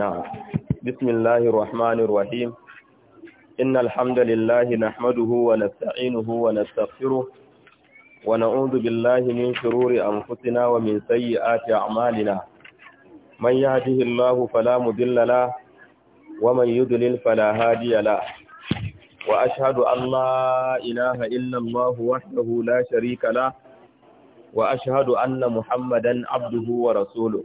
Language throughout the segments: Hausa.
Na’am. Bismillahir Rahmanir Rahim, Innal huwa nahmaduhu wa nasta'inuhu wa nastaghfiruh wa na'udhu billahi min shururi anfusina wa min sayyiati a'malina. Man yahdihillahu fala mudilla la wa man yudlil fala hadiya la. Wa ashhadu an la ilaha illa Allah wahdahu la sharika la wa ashhadu anna Muhammadan 'abduhu wa rasuluh.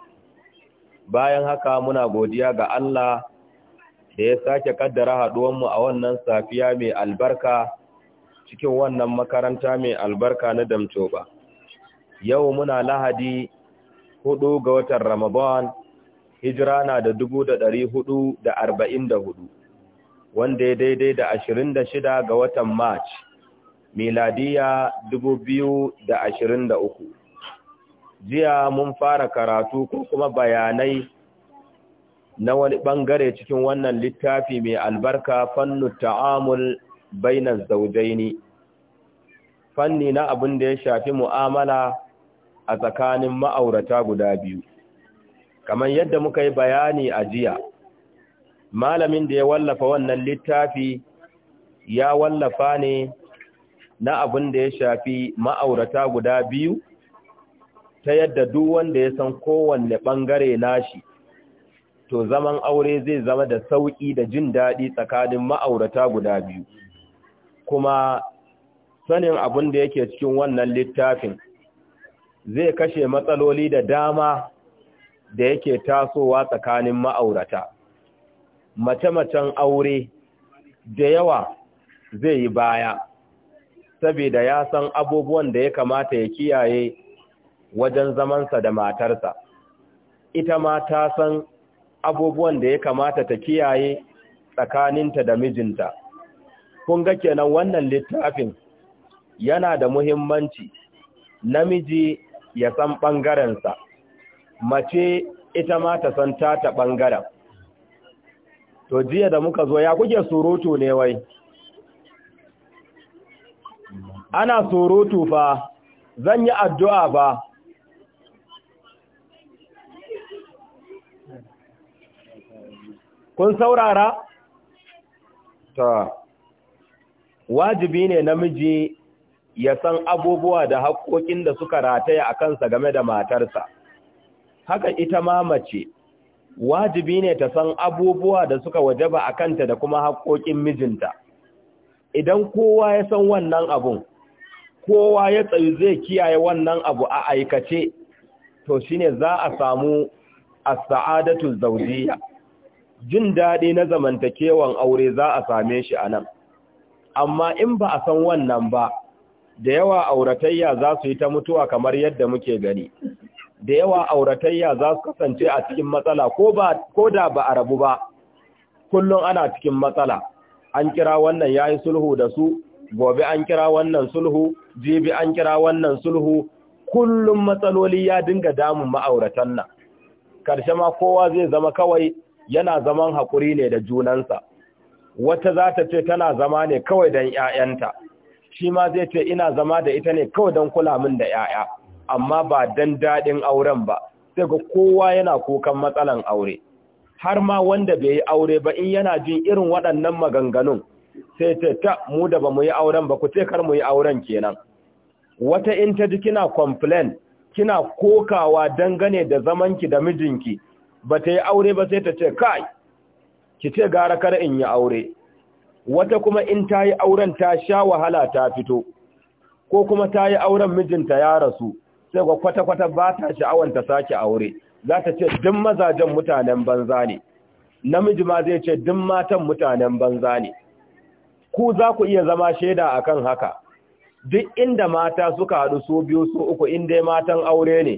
bayan haka muna godiya ga Allah da ya sake kaddara mu a wannan safiya mai albarka cikin wannan makaranta mai albarka na damtoba yau muna lahadi hudu ga watan ramadan hijira na da dubu da ɗari hudu da arba'in da hudu wanda ya daidai da ashirin da shida ga watan march miladiya dubu biyu da ashirin da uku jiya mun fara karatu ko kuma bayanai na wani bangare cikin wannan littafi mai albarka fannu ta'amul bainan zaujaini fanni na abin da ya shafi mu'amala a tsakanin ma'aurata guda biyu kamar yadda muka yi bayani a jiya malamin da ya wallafa wannan littafi ya wallafa ne na abin da ya shafi ma'aurata guda biyu ta yadda duk wanda ya san kowanne ɓangare nashi to zaman aure zai zama da sauƙi da jin daɗi tsakanin ma'aurata guda biyu kuma sanin abin da yake cikin wannan littafin zai kashe matsaloli da dama da yake tasowa tsakanin ma'aurata mace-macen aure da yawa zai yi baya saboda ya san abubuwan da ya kamata ya kiyaye wajen zamansa da matarsa ita ma ta san abubuwan da ya kamata ta kiyaye tsakaninta da mijinta kun ga kenan wannan littafin yana da muhimmanci namiji ya san ɓangarensa mace ita ma ta san tata ɓangaren to jiya da muka zo ya kuke surutu ne wai ana surutu fa zan yi addu'a ba. kun saurara ta wajibi ne namiji ya san abubuwa da haƙoƙin da suka rataya a kansa game da matarsa haka ita ma mace wajibi ne ta san abubuwa da suka wajaba a kanta da kuma haƙoƙin mijinta idan kowa ya san wannan abun kowa ya tsayi zai kiyaye wannan abu a aikace to shine za a samu as-sa'adatu zawjiyya jin daɗi na zamantakewan aure za a same shi a nan amma in ba a san wannan ba da yawa auratayya za su yi ta mutuwa kamar yadda muke gani da yawa auratayya za su kasance a cikin matsala ko da ba a rabu ba kullum ana cikin matsala an kira wannan ya yi sulhu da su gobe an kira wannan sulhu jibi an kira wannan sulhu kullum matsaloli ya dinga damun ma'auratan nan karshe ma kowa zai zama kawai yana zaman hakuri ne da junansa wata za ta ce tana zama ne kawai don ‘ya'yanta shi ma zai ce ina zama da ita ne kawai don kula min da ‘ya'ya amma ba dan daɗin auren ba sai ga kowa yana kukan matsalan aure har ma wanda bai yi aure ba in yana jin irin waɗannan maganganun sai ce ta mu da ba mu yi auren ba ku ce kar mu yi auren kenan wata in ta ji kina complain kina kokawa dangane da zamanki da mijinki ba ta yi aure ba sai ta ce kai ki ce gara kar in yi aure wata kuma in ta yi auren ta sha wahala ta fito ko kuma ta yi auren mijinta ya rasu sai ga kwata-kwata ba ta sha'awar ta sake aure za ta ce duk mazajen mutanen banza ne namiji ma zai ce duk matan mutanen banza ne ku za ku iya zama shaida akan haka duk inda mata suka haɗu su biyu su uku inda matan aure ne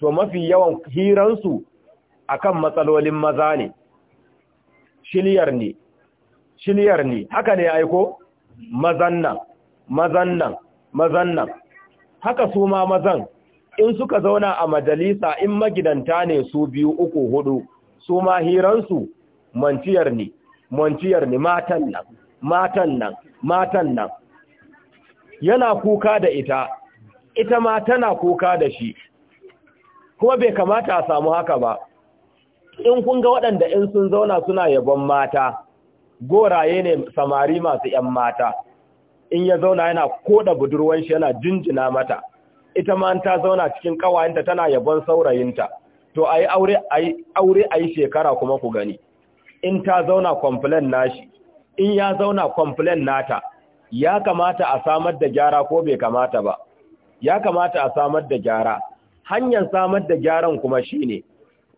to mafi yawan hiransu akan matsalolin maza ne shiliyar ne shiliyar ne haka ne aiko mazan nan mazan nan mazan nan haka su ma mazan in suka zauna a majalisa in magidanta ne su biyu uku hudu su ma hiransu manciyar ne manciyar ne matan nan matan nan matan nan yana kuka da ita ita ma tana kuka da shi kuma bai kamata a samu haka ba in kun ga waɗanda in sun zauna suna yabon mata goraye ne samari masu ‘yan mata in ya zauna yana koda budurwan shi yana jinjina mata ita ma ta zauna cikin ƙawayenta tana yabon saurayinta to a yi aure a yi shekara kuma ku gani in ta zauna kwamfilan nashi in ya zauna kwamfilan nata ya kamata a samar da gyara ko bai kamata ba ya kamata a samar da gyara hanyar samar da gyaran kuma shine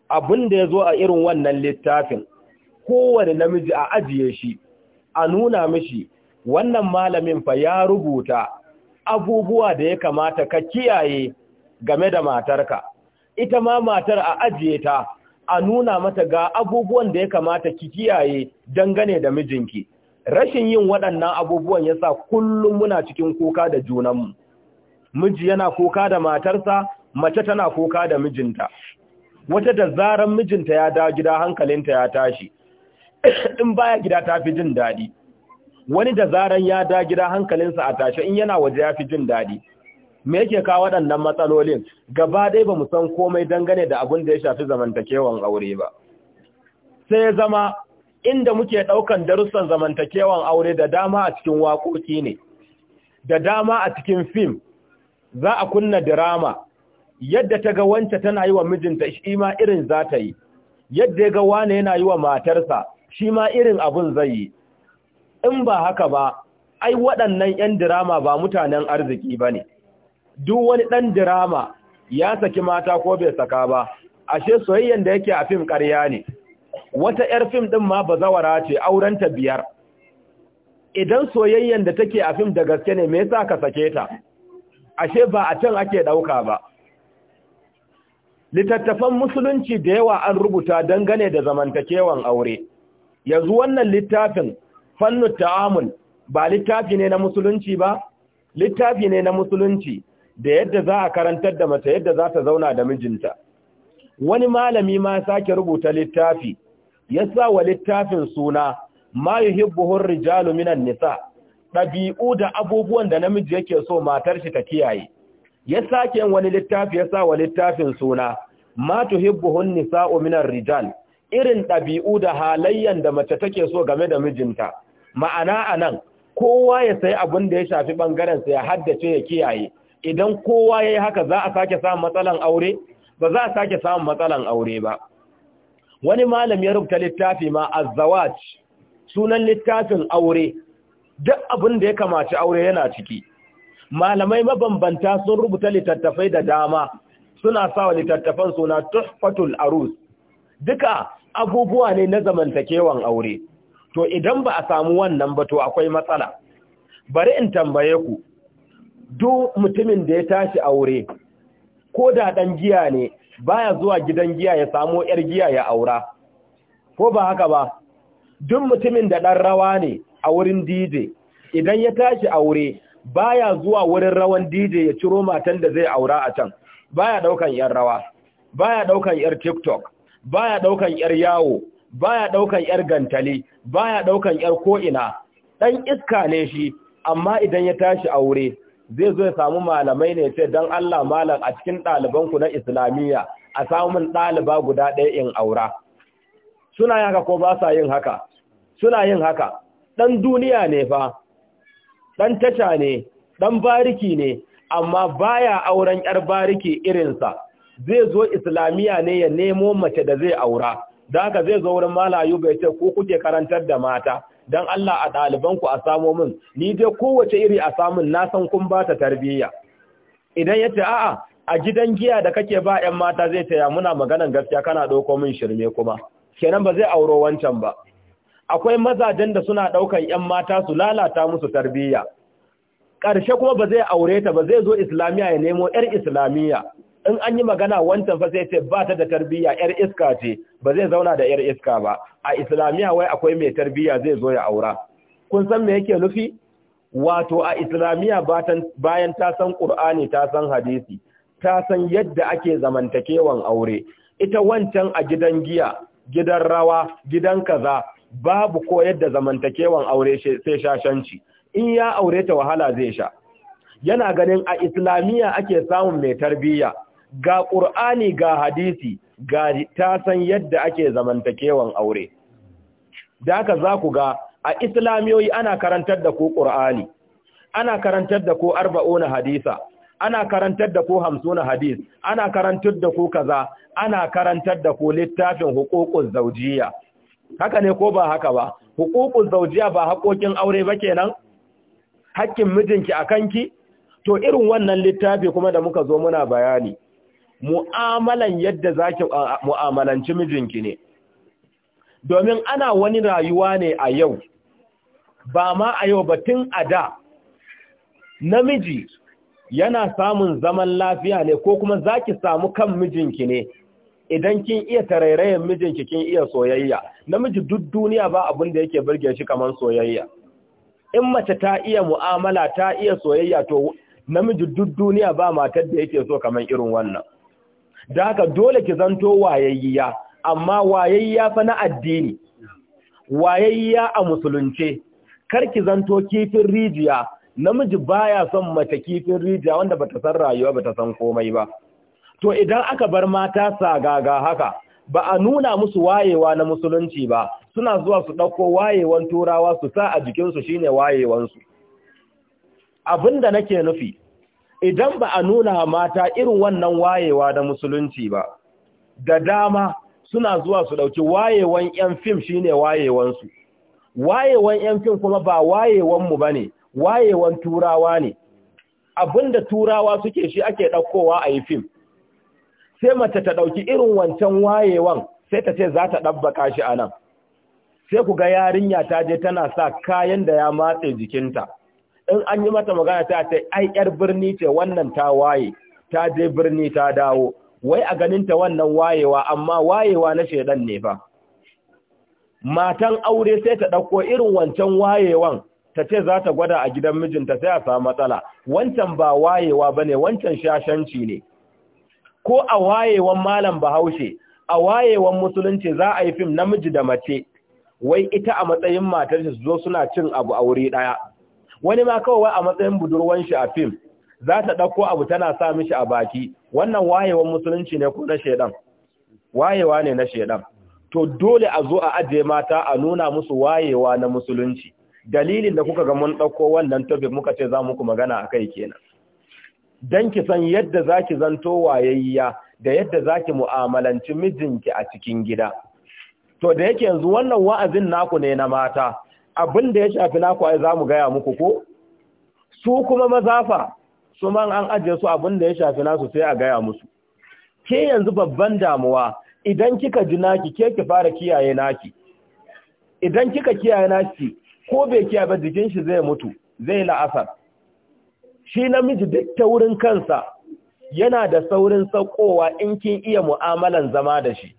abin da ya zo a irin wannan littafin kowane namiji a ajiye shi a nuna mishi wannan malamin fa ya rubuta abubuwa da ya kamata ka kiyaye game da matarka ita ma matar a ajiye ta a nuna mata ga abubuwan da ya kamata ki kiyaye dangane da mijinki rashin yin waɗannan abubuwan yasa kullum muna cikin kuka da junanmu miji yana kuka da matarsa mace tana kuka da mijinta wata da zaran mijinta ya dawo gida hankalinta ya tashi in baya gida ta fi jin daɗi wani da zaran ya da gida hankalinsa a tashe in yana waje ya fi jin daɗi me yake kawo waɗannan matsalolin gaba ɗaya ba mu san komai dangane da abin da ya shafi zamantakewan aure ba sai ya zama inda muke ɗaukan darussan zamantakewan aure da dama a cikin waƙoƙi ne da dama a cikin fim za a kunna dirama yadda ta ga wanta tana yi wa mijinta shi ma irin za ta yi yadda ya ga wane yana yi wa matarsa shi ma irin abin zai yi in ba haka ba ai waɗannan 'yan dirama ba mutanen arziki ba ne duk wani ɗan dirama ya saki mata ko bai saka ba ashe soyayyen da yake a fim ƙarya ne wata 'yar fim ɗin ma ba zawara ce aurenta biyar idan soyayyen da take a fim da gaske ne me yasa ka sake ta ashe ba a can ake ɗauka ba littattafan musulunci da yawa an rubuta dangane da zamantakewan aure yanzu wannan littafin fannu ta'amul ba littafi ne na musulunci ba littafi ne na musulunci da yadda za a karantar da mace yadda za ta zauna da mijinta wani malami ma sake rubuta littafi ya sa wa littafin suna ma yuhibbuhur rijalu minan nisa ɗabi'u da abubuwan da namiji yake so matar shi ta kiyaye ya sake wani littafi ya sa wa littafin suna ma tuhibbuhun nisa'u minar rijal irin ɗabi'u da halayyan da mace take so game da mijinta ma'ana a nan, kowa ya sai abin da ya shafi bangaren sa ya haddace ya kiyaye idan kowa yayi haka za a sake samun matsalan aure ba za a sake samun matsalan aure ba wani malam ya rubuta littafi ma a sunan littafin aure duk abin da ya kamaci aure yana ciki malamai mabambanta sun rubuta littattafai da dama suna sawa littattafan suna tuhfatul arus duka abubuwa ne na zamantakewan aure to idan ba a samu wannan ba to akwai matsala bari in tambaye ku duk mutumin da ya tashi aure ko da dan giya ne baya zuwa gidan giya ya samu yar giya ya aura ko ba haka ba duk mutumin da dan rawa ne a wurin DJ idan ya tashi aure baya zuwa wurin rawan DJ ya ciro matan da zai aura a can baya daukan yar rawa baya daukan yar TikTok baya daukan yar yawo baya daukan yar gantali baya daukan yar ko'ina dan iska ne shi amma idan ya tashi aure zai zo ya samu malamai ne ce dan Allah malam a cikin ɗaliban ku na islamiyya a samun ɗaliba guda ɗaya in aura suna yin ko ba sa yin haka suna yin haka dan duniya ne fa ɗan tasha ne ɗan bariki ne amma baya auren ‘yar bariki irinsa zai zo islamiyya ne ya nemo mace da zai aura da haka zai zo wurin malayu bai ce ko kuke karantar da mata don Allah a ɗalibanku a samo min ni dai kowace iri a samun nasan kun ba ta tarbiyya idan ya ce a'a a gidan giya da kake ba ‘yan mata zai taya muna maganan gaskiya kana ɗauko min shirme kuma kenan ba zai auro wancan ba akwai mazajen da suna ɗaukan 'yan mata su lalata musu tarbiyya ƙarshe kuma ba zai aure ta ba zai zo islamiyya ya nemo 'yar islamiyya in an yi magana wancan fa sai ce ba ta da tarbiyya 'yar iska ce ba zai zauna da 'yar iska ba a islamiyya wai akwai mai tarbiyya zai zo ya aura kun san me yake nufi wato a islamiyya bayan ta san ƙur'ani ta san hadisi ta san yadda ake zamantakewan aure ita wancan a gidan giya gidan rawa gidan kaza babu ko yadda zamantakewan aure sai shashanci in ya aure ta wahala zai sha yana ganin a islamiyya ake samun mai tarbiyya ga ƙur'ani ga hadisi ga ta san yadda ake zamantakewan aure da haka za ku ga a islamiyoyi ana karantar da ku ƙur'ani ana karantar da ku arba'una hadisa ana karantar da ku hamsuna hadis ana karantar da ku kaza ana karantar da ku littafin hukukun zaujiya haka ne ko ba haka ba hukukun zaujiya ba haƙoƙin aure ba kenan hakkin mijinki a kanki to irin wannan littafi kuma da muka zo muna bayani mu'amalan yadda za ki mu'amalanci mijinki ne domin ana wani rayuwa ne a yau ba ma a yau ba tun a da namiji yana samun zaman lafiya ne ko kuma za ki samu kan mijinki ne idan kin iya tarairayin mijinki kin iya soyayya namiji duk duniya ba abin da yake burge shi kamar soyayya in mace ta iya mu'amala ta iya soyayya to namiji duk duniya ba matar da yake so kamar irin wannan da haka dole ki zanto wayayya amma wayayya fa na addini wayayya a musulunce kar ki zanto kifin rijiya namiji baya son mace kifin rijiya wanda bata san rayuwa bata san komai ba to idan aka bar mata sagaga haka ba a nuna musu wayewa na musulunci ba suna zuwa su ɗauko wayewan turawa su sa a jikinsu shi ne wayewansu da nake nufi idan ba a nuna mata irin wannan wayewa na musulunci ba da dama suna zuwa su ɗauki wayewan 'yan fim shi ne wayewansu wayewan 'yan fim kuma ba wayewanmu ba ne wayewan turawa ne da turawa suke shi ake ɗaukowa a yi fim sai mace ta ɗauki irin wancan wayewan sai ta ce za ta ɗabbaka shi a nan sai ku ga yarinya ta je tana sa kayan da ya matse jikinta in an yi mata magana ta ce ai yar birni ce wannan ta waye ta je birni ta dawo wai a ganinta wannan wayewa amma wayewa na shedan ne fa matan aure sai ta ɗauko irin wancan wayewan ta ce za ta gwada a gidan mijinta sai a samu matsala wancan ba wayewa ba ne wancan shashanci ne ko a wayewan malam bahaushe a wayewan musulunci za a yi fim namiji da mace wai ita a matsayin matar su zo suna cin abu a wuri daya wani ma kawai a matsayin budurwan shi a fim za ta dauko abu tana sa mishi a baki wannan wayewan musulunci ne ko na shedan wayewa ne na shedan to dole a zo a aje mata a nuna musu wayewa na musulunci dalilin da kuka ga mun ɗauko wannan topic muka ce za muku magana kai kenan don ki san yadda za ki zanto wayayya da yadda za ki mu'amalanci mijinki a cikin gida. To da yake yanzu wannan wa'azin naku ne na mata, abin da ya shafi naku ai za mu gaya muku ko? Su kuma mazafa, su man an ajiye su abin da ya shafi nasu sai a gaya musu. Ke yanzu babban damuwa, idan kika ji naki, ke ki fara kiyaye naki. Idan kika kiyaye naki, ko bai kiyaye ba jikin shi zai mutu, zai la'asar. shi namiji duk taurin kansa yana da saurin saukowa in kin iya mu'amalan zama da shi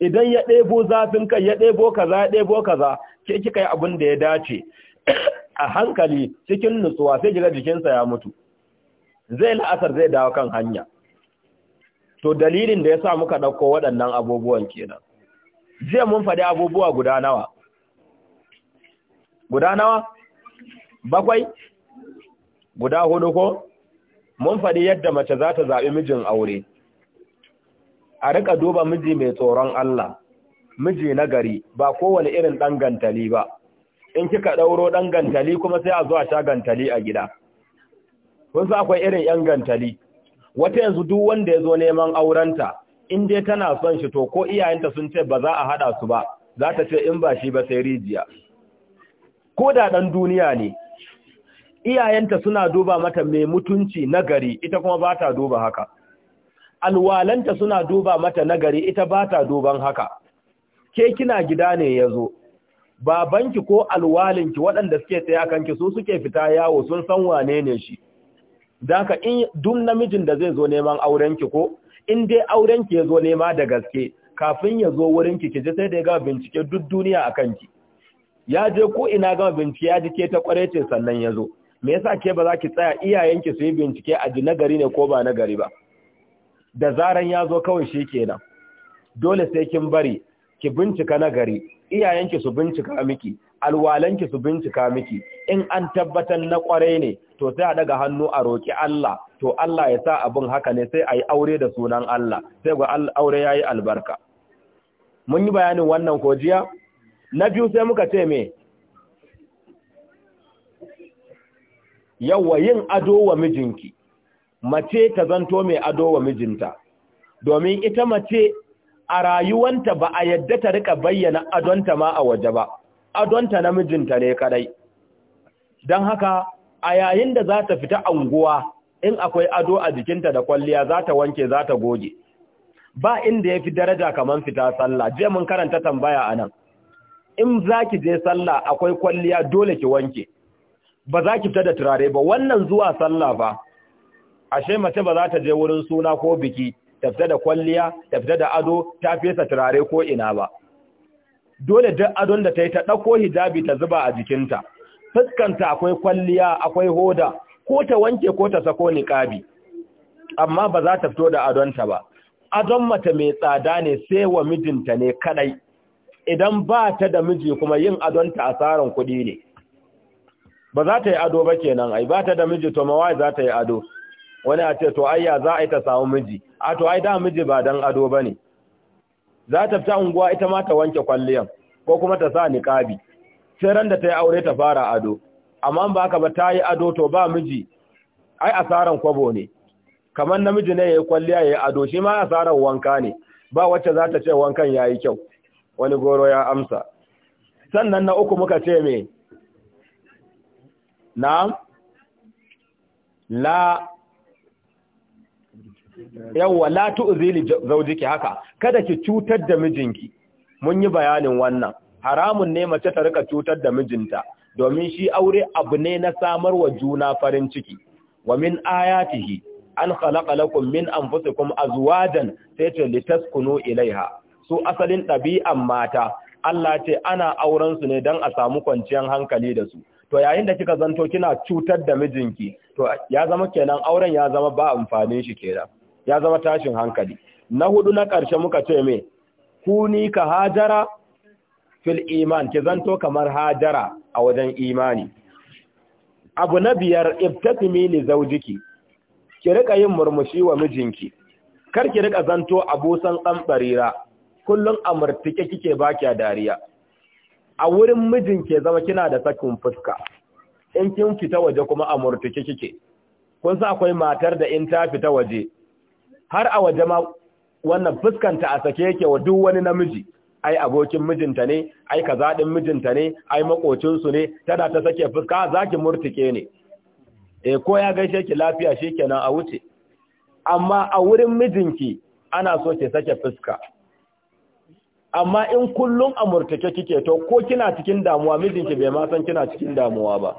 idan ya ɗebo zafin kai ya ɗebo kaza ya ɗebo kaza ke kika yi abin da ya dace a hankali cikin nutsuwa sai kiga jikinsa ya mutu zai la'asar zai dawo kan hanya to dalilin da ya sa muka ɗauko waɗannan abubuwan kenan jiya mun faɗi abubuwa guda nawa guda nawa bakwai guda hudu ko mun faɗi yadda mace za ta zaɓi mijin aure a rika duba miji mai tsoron Allah miji na gari ba kowane irin ɗan gantali ba in kika ɗauro ɗan gantali kuma sai a zuwa sha gantali a gida kun sa akwai irin ‘yan gantali wata yanzu duk wanda ya zo neman aurenta in dai tana son shi to ko iyayenta sun ce ba za a haɗa su ba za ta ce in ba shi ba sai rijiya ko da ɗan duniya ne iyayenta suna duba mata mai mutunci nagari ita kuma ba ta duba haka alwalanta suna duba mata nagari ita ba ta duban haka ke kina gida ne yazo babanki ko alwalinki waɗanda suke tsaya kanki su suke fita yawo sun san wane ne shi daka in dun namijin da zai zo neman aurenki ko in dai aurenki ya zo nema da gaske kafin yazo zo wurinki ki ji sai da ya gama bincike duk duniya a kanki ya je ko ina gama bincike ya ji ke ta kware ce sannan ya zo me yasa ke ba za ki tsaya iyayenki su yi bincike a ji nagari ne ko ba nagari ba da zaran ya zo kawai shi kenan dole sai kin bari ki bincika nagari iyayenki su bincika miki alwalanki su bincika miki in an tabbatar na kwarai ne to sai a daga hannu a roki Allah to Allah ya sa abin haka ne sai a aure da sunan Allah sai ga aure yayi albarka mun yi bayanin wannan ko jiya na biyu sai muka ce me yawa yin ado wa mijinki mace ta zanto mai ado wa mijinta domin ita mace a rayuwanta ba a yadda ta rika bayyana adonta ma a waje ba adonta na mijinta ne kadai don haka a yayin da za ta fita anguwa in akwai ado a jikinta da kwalliya za ta wanke za ta goge ba inda ya fi daraja kamar fita sallah je mun karanta tambaya a nan in za ki je sallah akwai kwalliya dole ki wanke ba za ki fita da turare ba wannan zuwa sallah ba ashe mace ba za ta je wurin suna ko biki ta fita da kwalliya ta fita da ado ta fesa turare ko ina ba dole duk adon da ta yi ta ɗauko hijabi ta zuba a jikinta fuskanta akwai kwalliya akwai hoda ko ta wanke ko ta sako niƙabi amma ba za ta fito da adonta ba adon mata mai tsada ne sai wa mijinta ne kadai idan ba ta da miji kuma yin adonta asaran kuɗi ne ba za ta yi ado ba kenan ai ba ta da miji to wai za ta yi ado wani a ce to ayya za a yi ta samu miji a to ai da miji ba dan ado ba ne za ta fita unguwa ita ma ta wanke kwalliyan ko kuma ta sa niqabi sai ran da ta yi aure ta fara ado amma ba ka ba ta yi ado to ba miji ai asaran kwabo ne kamar namiji ne ya yi kwalliya ya yi ado shi ma asaran wanka ne ba wacce za ta ce wankan ya yi kyau wani goro ya amsa sannan na uku muka ce me na'am la yawwa la tu'zili zawjiki haka kada ki cutar da mijinki mun yi bayanin wannan haramun ne mace ta rika cutar da mijinta domin shi aure abu ne na samar wa juna farin ciki wa min ayatihi an khalaqa lakum min anfusikum azwajan sai litaskunu ilaiha su asalin ɗabi'an mata Allah ce ana auren su ne don a samu kwanciyar hankali da su to yayin da kika zanto kina cutar da mijinki to ya zama kenan auren ya zama ba amfanin shi kenan ya zama tashin hankali na hudu na karshe muka ce me kuni ka hajara fil iman ki zanto kamar hajara a wajen imani abu na biyar ibtatimi li zawjiki ki rika yin murmushi wa mijinki kar ki rika zanto abusan kan kullun amurtike kike baki a dariya a wurin mijin ke zama kina da sakin fuska in kin fita waje kuma a murtuki kike kun sa akwai matar da in ta fita waje har a waje ma wannan fuskanta a sake yake wa duk wani namiji ai abokin mijinta ne ai kaza mijinta ne ai makocin su ne tana ta sake fuska zaki murtuke ne eh ko ya gaishe ki lafiya shi shikenan a wuce amma a wurin mijinki ana so ki sake fuska amma in kullum a murtake kike to ko kina cikin damuwa mijinki bai ma san kina cikin damuwa ba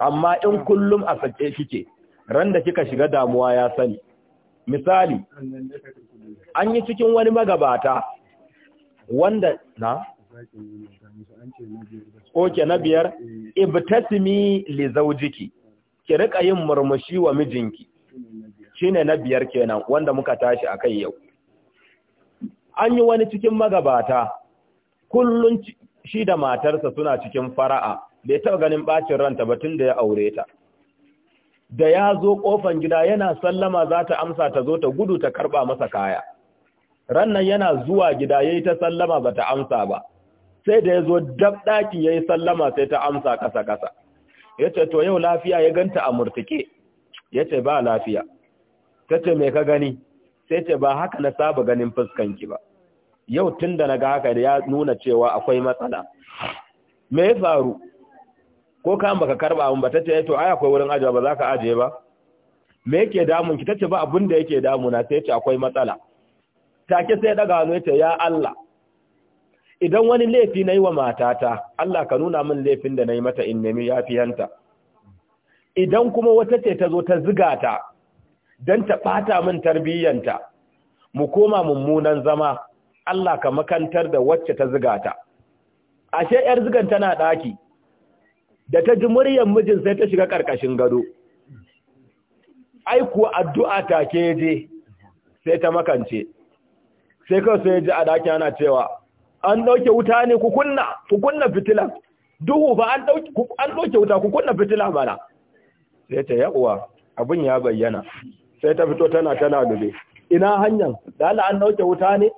amma in kullum a sake kike ran da kika shiga damuwa ya sani misali an yi cikin wani magabata wanda na oke na biyar ibtasimi li zaujiki ki rika yin murmushi wa mijinki shine na biyar kenan wanda muka tashi akai yau an yi wani cikin magabata Kullum shi da matarsa suna cikin fara'a bai taɓa ganin ɓacin ranta ba tun da ya aure ta da ya zo ƙofan gida yana sallama za ta amsa ta zo ta gudu ta karɓa masa kaya rannan yana zuwa gida ya yi ta sallama ba ta amsa ba sai da ya zo dab ya yi sallama sai ta amsa ƙasa-ƙasa ya ce to yau lafiya ya ganta a murtuke ya ce ba lafiya ta ce mai ka gani sai ce ba haka na saba ganin fuskanki ba yau tun da na ga haka ya nuna cewa akwai matsala me ya faru ko ka baka karba abin ba tace eh, to ai akwai wurin ajiya ba za ka ajiye ba me yake damun ki tace ba abin da yake damuna sai ce akwai matsala take sai daga hannu yace ya Allah idan wani laifi nayi wa matata Allah ka nuna min laifin da nayi mata in nemi yafiyanta idan kuma wata ce ta zo ta ziga ta don ta ɓata min tarbiyyanta mu koma mummunan zama Allah ka makantar da wacce ta zigata ashe yar zigan tana ɗaki da ta ji muryar mijin sai ta shiga ƙarƙashin gado ai kuwa addu'a ke je sai ta makance sai kawai sai ji a ɗaki ana cewa an ɗauke wuta ne ku kunna ku kunna fitila duhu ba an ɗauke wuta ku kunna fitila mana sai ta uwa abin ya bayyana sai ta fito tana tana dube ina hanyar da Allah an nauke wuta ne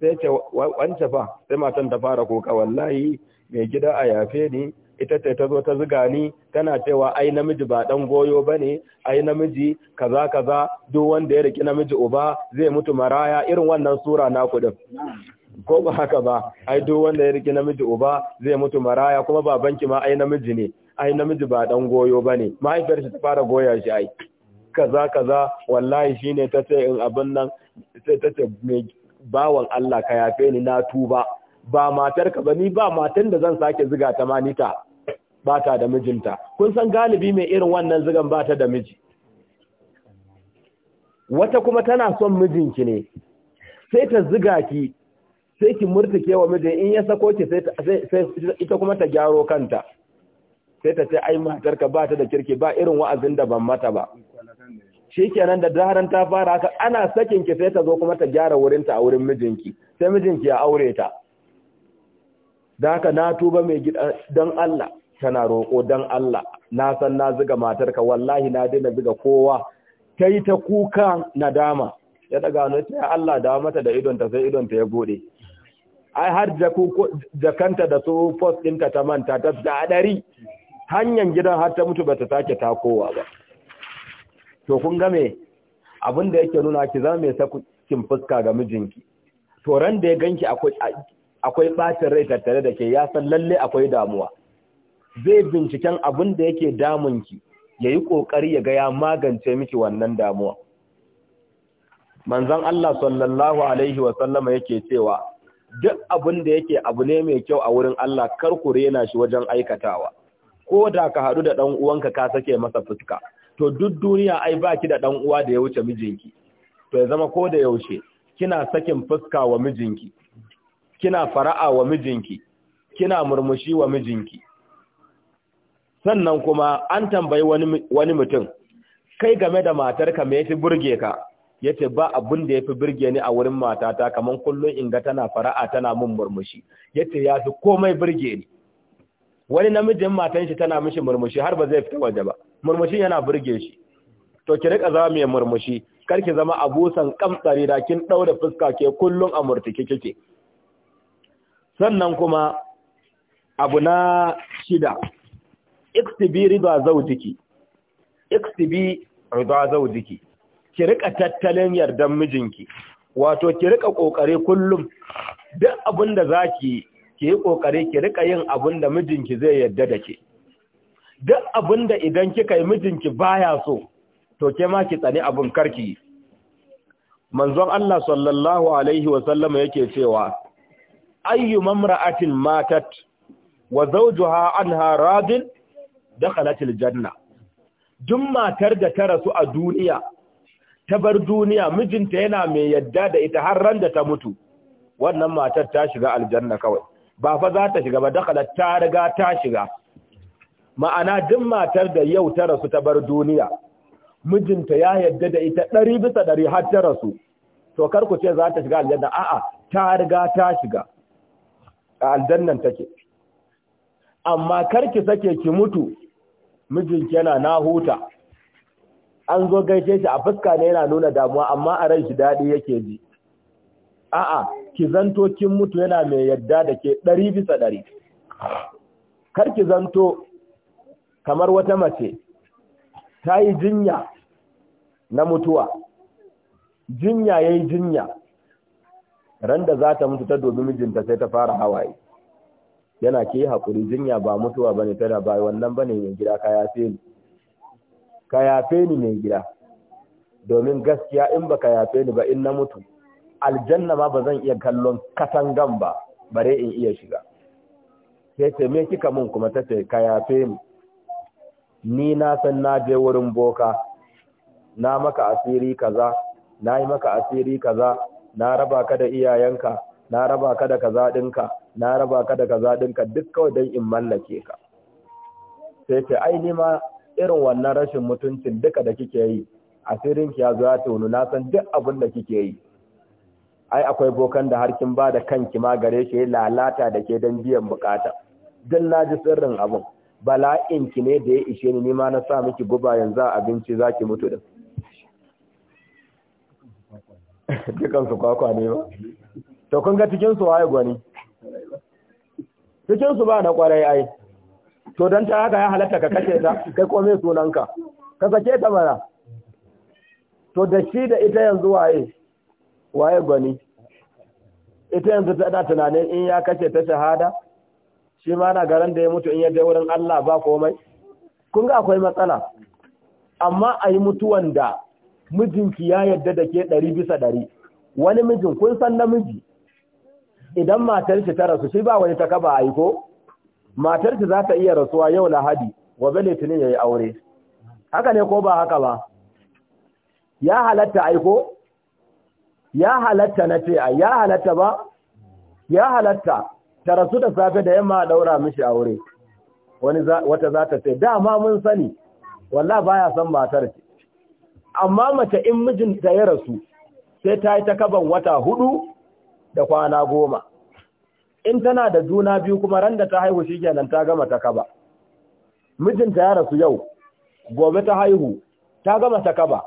sai ce wance fa sai matan ta fara koka wallahi mai gida a yafe ni ita ce ta zo ta zuga ni tana cewa ai namiji ba dan goyo bane ai namiji kaza kaza duk wanda ya riki namiji uba zai mutu maraya irin wannan sura na kuɗi. ko ba haka ba ai duk wanda ya riki namiji uba zai mutu maraya kuma babanki ma ai namiji ne ai namiji ba dan goyo bane mahaifiyar shi ta fara goya shi ai kaza kaza wallahi shine tace in abin nan sai tace me bawan Allah ka yafe ni na tuba ba matar ka ba ni ba matan da zan sake ziga ta ma ni ta ba ta da mijinta kun san galibi mai irin wannan zigan ba ta da miji wata kuma tana son mijinki ne sai ta ziga ki sai ki murtuke wa mijin in ya sako ki sai ita kuma ta gyaro kanta sai ta ce ai matar ka ba ta da kirki ba irin wa'azin da ban mata ba shikenan da zaharan ta fara haka ana sakin ki sai ta zo kuma ta gyara ta a wurin mijinki sai mijinki ya aure ta da haka na tuba mai gida dan Allah tana roƙo dan Allah na san na ziga matarka wallahi na daina ziga kowa kai ta kuka nadama ya daga ne ta Allah da mata da idon ta, sai idon ta ya bude ai har jakanta da su post ɗinta ta manta ta da dari hanyar gidan har ta mutu bata sake takowa ba to kun ga me abin da yake nuna ki zama mai sakin fuska ga mijinki to ran da ya ganki akwai akwai rai tattare da ke ya san lalle akwai damuwa zai binciken abin da yake damunki ya yi ƙoƙari ya ga ya magance miki wannan damuwa manzon Allah sallallahu alaihi wasallama yake cewa duk abin da yake abu ne mai kyau a wurin Allah kar ku rena shi wajen aikatawa ko da ka haɗu da ɗan uwanka ka sake masa fuska to duk duniya ai ba ki da dan uwa da ya wuce mijinki to ya zama ko da yaushe kina sakin fuska wa mijinki kina fara'a wa mijinki kina murmushi wa mijinki sannan kuma an tambayi wani wani mutum kai game da matarka me yafi burge ka yace ba abun da yafi burge ni a wurin matata kaman kullun inga tana fara'a tana mun murmushi yace ya fi komai burge ni wani namijin matan shi tana mishi murmushi har ba zai fita waje ba murmushi yana burge shi to ki rika zama mai murmushi kar ki zama abusan kamtsare da kin daura fuska ke kullun a murtike kike sannan kuma abu na shida iktibi ridwa zawjiki iktibi ridwa zawjiki ki rika tattalin yardan mijinki wato ki rika kokare kullum duk abinda zaki ki yi kokare ki rika yin abinda mijinki zai yarda da ke duk abinda idan kika yi mijinki baya so to ke ma ki tsani abin karki manzon Allah sallallahu alaihi wa yake cewa ayyu mamra'atin matat wa an anha radin halatil janna duk matar da ta rasu a duniya ta bar duniya mijinta yana mai yadda da ita har ran da ta mutu wannan matar ta shiga aljanna kawai ba fa za ta shiga ba da ta riga ta shiga ma'ana duk matar da yau ta rasu ta bar duniya mijinta ya yadda da ita ɗari bisa ɗari har ta rasu to kar ku ce za ta shiga aljanna a'a ta riga ta shiga a aljannan take amma kar ki sake ki mutu mijinki yana na huta an zo gaishe shi a fuska ne yana nuna damuwa amma a ran shi daɗi yake ji a'a ki zanto kin mutu yana mai yadda da ke ɗari bisa ɗari kar ki zanto kamar wata mace ta yi jinya na mutuwa jinya ya yi jinya ran da za ta mutu ta dobi mijinta sai ta fara hawaye yana ke haƙuri jinya ba mutuwa ba ne tana ba wannan ba ne mai gida kayafe ni kayafe ni mai gida domin gaskiya in ba kayafe ni ba in na mutu aljanna ma ba zan iya kallon katangan ba bare in iya shiga sai sai me kika mun kuma ta ce kayafe ni ni na san na je wurin boka na maka asiri kaza na yi maka asiri kaza na raba ka da iyayenka na raba ka da kaza dinka na raba ka da kaza dinka duk kawai don in mallake ka sai ce ai ni ma irin wannan rashin mutuncin duka da kike yi asirin ki ya zo ya tunu, na san duk abin da kike yi ai akwai bokan da har kin ba da kanki ma gare shi ya lalata da ke don biyan bukata don na ji sirrin abin bala'in ki ne da ya ishe ni nima na sa miki guba yanzu a abinci za ki mutu da dukansu su kwakwa ne ba to kun ga cikin su waye gwani cikin su ba na kwarai ai to dan ta haka ya halatta ka kashe ta kai kome sunanka ka sake ta mana to da shi da ita yanzu waye waye gwani ita yanzu ta da tunanin in ya kashe ta shahada shi ma na garan da ya mutu in ya je wurin Allah ba komai kun ga akwai matsala amma a yi mutuwan da mijinki ya yadda da ke ɗari bisa ɗari wani mijin kun san namiji idan matar ta rasu shi ba wani ta kaba a yi matar za ta iya rasuwa yau lahadi gobe litinin ya yi aure haka ne ko ba haka ba ya halatta aiko ya halatta na ce ya halatta ba ya halatta ta rasu da safe da yamma a daura mishi aure wani wata za ta sai dama mun sani wallah baya san matar ce amma mace in mijinta ya rasu sai ta yi ta kaban wata hudu da kwana goma in tana da juna biyu kuma ran da ta haihu shi kenan ta gama ta kaba mijinta ya rasu yau gobe ta haihu ta gama ta kaba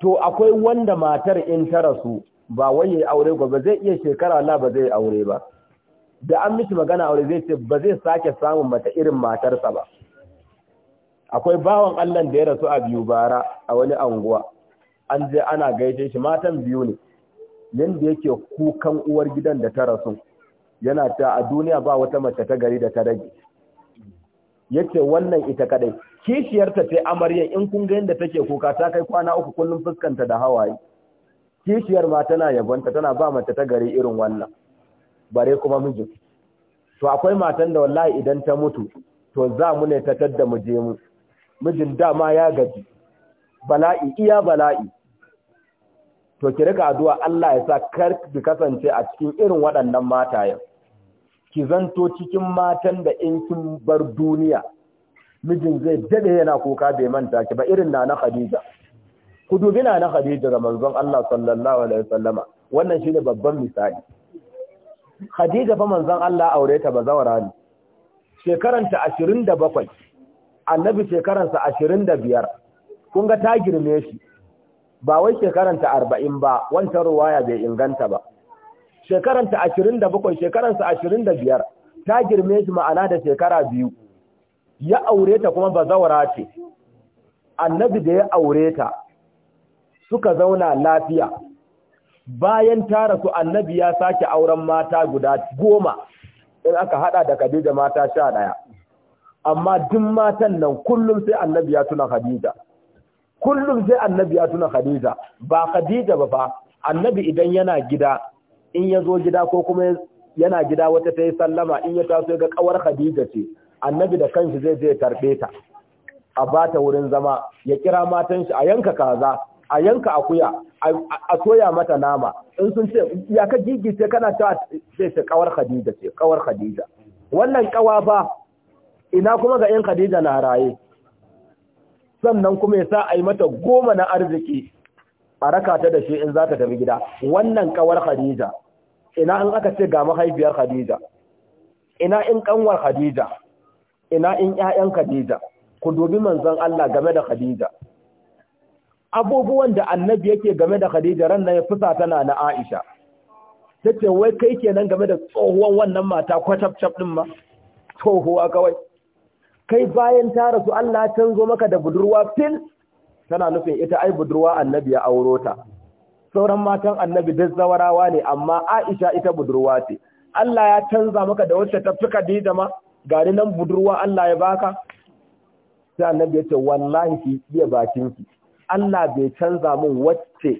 to akwai wanda matar in ta rasu ba wai yayi aure gobe zai iya shekara Allah ba zai aure ba da an miki magana aure zai ce ba zai sake samun mata irin matarsa ba akwai bawan Allah da ya rasu a biyu bara a wani anguwa an je ana gaishe shi matan biyu ne yanda yake kukan uwar gidan da ta rasu yana ta a duniya ba wata mace ta gari da ta rage yace wannan ita kadai kishiyarta sai amaryan in kun ga yanda take kuka ta kai kwana uku kullum fuskanta da hawaye kishiyar ma tana yabonta tana ba mata ta gari irin wannan bare kuma mijin to akwai matan da wallahi idan ta mutu to za mu ne ta tada mu je mu mijin dama ya gaji bala'i iya bala'i to ki rika addu'a Allah ya sa kar ki kasance a cikin irin waɗannan matayen ki zanto cikin matan da in kin bar duniya mijin zai dade yana kuka bai manta ki ba irin nana Khadija ku dubi na na Khadija ga manzon Allah sallallahu alaihi wasallama wannan shine babban misali Khadija fa manzon Allah aure ta bazawara ne shekaranta 27 annabi shekaransa 25 kun ga ta girme shi ba wai shekaranta 40 ba wancan ruwaya bai inganta ba shekaranta 27 shekaransa 25 ta girme shi ma'ana da shekara biyu ya aure ta kuma bazawara ce annabi da ya aure ta suka zauna lafiya bayan tara su annabi ya sake auren mata guda goma in aka hada da Khadija mata sha daya amma duk matan nan kullum sai annabi ya tuna Khadija kullum sai annabi ya tuna Khadija ba Khadija ba fa annabi idan yana gida in ya zo gida ko kuma yana gida wata ta yi sallama in ya taso ga kawar Khadija ce annabi da kanshi zai je tarbe ta a bata wurin zama ya kira matan shi a yanka kaza a yanka akuya a soya mata nama in sun ce ya ka gigice kana ta sai ce kawar Khadija ce kawar Khadija wannan kawa ba? ina kuma ga yan Khadija na raye sannan kuma ya sa a yi mata goma na arziki a raka ta da shi in za tafi gida wannan kawar Khadija ina in aka ce ga mahaifiyar Khadija ina in kanwar Khadija ina in ƴaƴan Khadija ku dubi manzon Allah game da Khadija abubuwan da annabi yake game da Khadija ran nan ya fusa tana na Aisha tace wai kai kenan game da tsohuwan wannan mata kwatafcaf din ma tsohuwa kawai kai bayan ta rasu Allah canzo maka da budurwa fil tana nufin ita ai budurwa annabi ya auro ta sauran matan annabi duk zawarawa ne amma Aisha ita budurwa ce Allah ya canza maka da wacce ta fi Khadija ma gari nan budurwa Allah ya baka sai annabi ya ce wallahi ki iya bakin ki Allah bai canza min wacce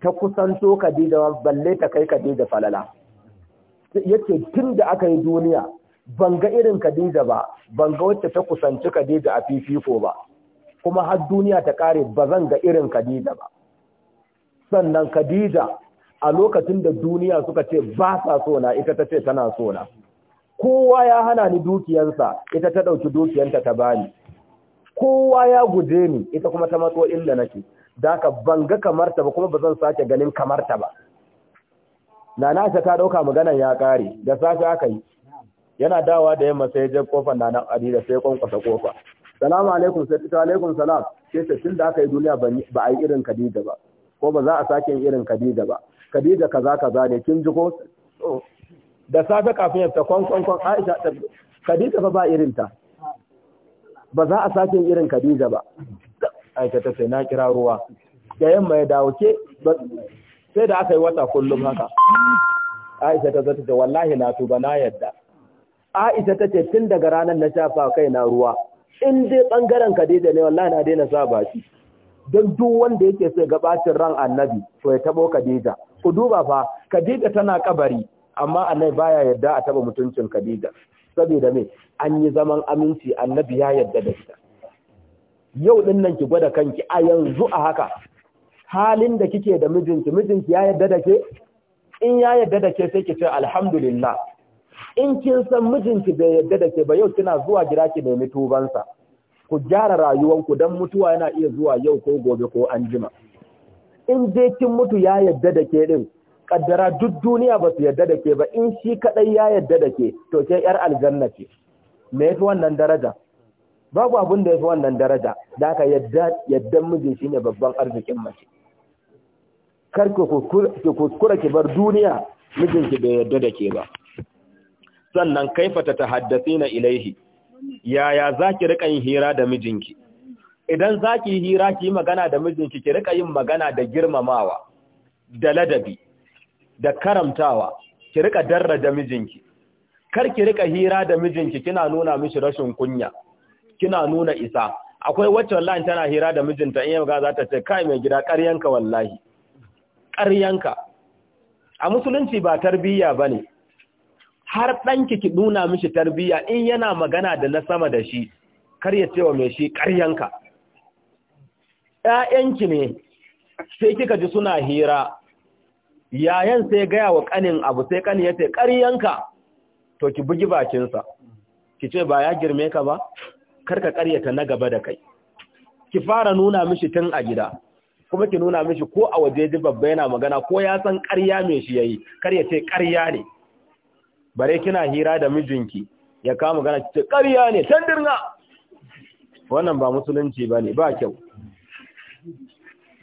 ta kusanto Khadija balle ta kai Khadija falala yace tun da aka yi duniya ban ga irin Khadija ba ban ga wacce ta kusanci Khadija a fifiko ba kuma har duniya ta kare ba zan ga irin Khadija ba sannan Khadija a lokacin da duniya suka ce ba sa so na ita ta ce tana so na kowa ya hana ni dukiyansa ita ta ɗauki dukiyanta ta bani kowa ya guje ni ita kuma ta matso inda nake da ka banga kamar ta ba kuma ba zan sake ganin kamar ta ba nana ta ta dauka magana ya kare da safe aka yi yana dawa da yamma sai je kofar nana adida sai kwankwasa kofa salamu alaikum sai ta alaikum salam sai ta tun da aka yi duniya ba a yi irin kadija ba ko ba za a sake yin irin kadija ba kadija kaza kaza ne kin ji ko da safe kafin ya ta kwankwankwan aisha ta kadija fa ba irin ta ba za a sake irin Khadija ba aikata sai na kira ruwa da yamma ya dawo ke sai da aka yi wata kullum haka Aisha ta zata ce wallahi na tuba na yadda Aisha ta ce tun daga ranar na shafa kai na ruwa in dai bangaren Khadija ne wallahi na daina sa baki don duk wanda yake so ga ran Annabi to ya tabo Khadija ku duba fa Khadija tana kabari amma Annabi baya yadda a taba mutuncin Khadija saboda me an yi zaman aminci annabi ya yadda da shi yau din nan ki gwada kanki a yanzu a haka halin da kike da mijinki mijinki ya yadda da ke in ya yadda da ke sai ki ce alhamdulillah in kin san mijinki bai yadda da ke ba yau kina zuwa gida ki nemi tubansa ku gyara rayuwanku don mutuwa yana iya zuwa yau ko gobe ko anjima. in dai kin mutu ya yadda da ke din kaddara duk duniya ba su yarda da ke ba in shi kadai ya yadda da ke to sai yar aljanna ce me yafi wannan daraja babu abin da yafi wannan daraja da aka yadda yaddan miji shine babban arzikin mace kar ki kuskura ki bar duniya mijinki bai yadda da ke ba sannan kaifa ta na ilaihi yaya ki rika yin hira da mijinki idan zaki hira ki magana da mijinki ki rika yin magana da girmamawa da ladabi da karamtawa ki rika darraja mijinki kar ki rika hira da mijinki kina nuna mishi rashin kunya kina nuna isa akwai wacce wallahi tana hira da mijinta in yaga za ta ce kai mai gida ƙaryanka wallahi ƙaryanka a musulunci ba tarbiyya bane har ɗanki ki nuna mishi tarbiyya in yana magana da na sama da shi kar ya ce wa mai shi ƙaryanka ‘ya'yanki ne sai kika ji suna hira yayan sai gaya wa ƙanin abu sai ƙani ya ce ƙaryanka to ki bugi bakinsa ki ce ba ya girme ka ba karka karyata na gaba da kai ki fara nuna mishi tun a gida kuma ki nuna mishi ko a waje ji babba yana magana ko ya san ƙarya me shi yayi kar ya ce ƙarya ne bare kina hira da mijinki ya kama magana ki ce ƙarya ne tandirna wannan ba musulunci bane ba kyau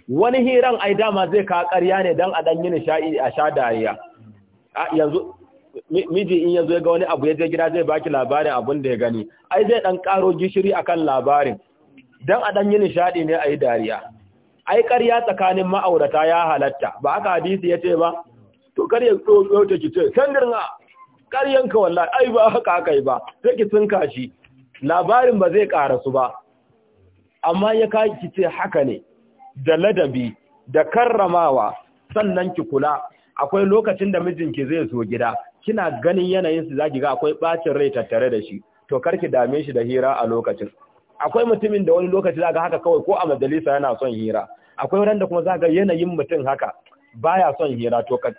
wani hiran ai dama zai ka ƙarya ne dan a dan yi nishaɗi a sha dariya yanzu miji in ya zo ga wani abu ya je gida zai baki labarin abin da ya gani ai zai dan karo gishiri akan labarin dan a dan yi nishadi ne ayi dariya ai ƙarya tsakanin ma'aurata ya halatta ba haka hadisi yace ba to kar ya tsotso ta kice sandirna ƙaryanka wallahi ai ba haka akai ba sai ki tsinka shi labarin ba zai karasu ba amma ya kai kice haka ne da ladabi da karramawa sannan ki kula akwai lokacin da mijinki zai zo gida kina ganin yanayin su zaki ga akwai bacin rai tattare da shi to karki dame shi da hira a lokacin akwai mutumin da wani lokaci zaka haka kawai ko a majalisa yana son hira akwai wanda kuma zaka yanayin mutum haka baya son hira to ka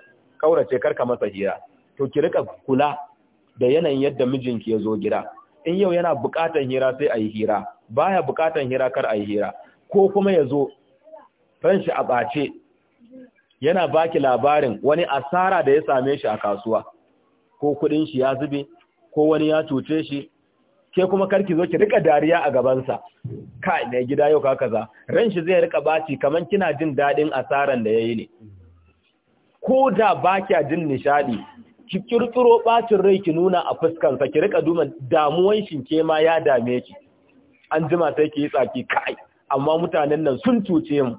kaurace karka masa hira to ki rika kula da yanayin yadda mijinki ya zo gida in yau yana bukatan hira sai ayi hira baya bukatan hira kar ayi hira ko kuma ya zo shi a bace yana baki labarin wani asara da ya same shi a kasuwa ko kudin shi ya zube ko wani ya cuce shi ke kuma karki zo ki rika dariya a gabansa kai ne gida yau ka kaza ran shi zai rika baci kaman kina jin dadin asaran da yayi ne ko da ba kya jin nishadi ki kirkiro bacin rai ki nuna a fuskansa ki rika duman damuwan shi ke ma ya dame ki an jima sai ki yi tsaki kai amma mutanen nan sun cuce mu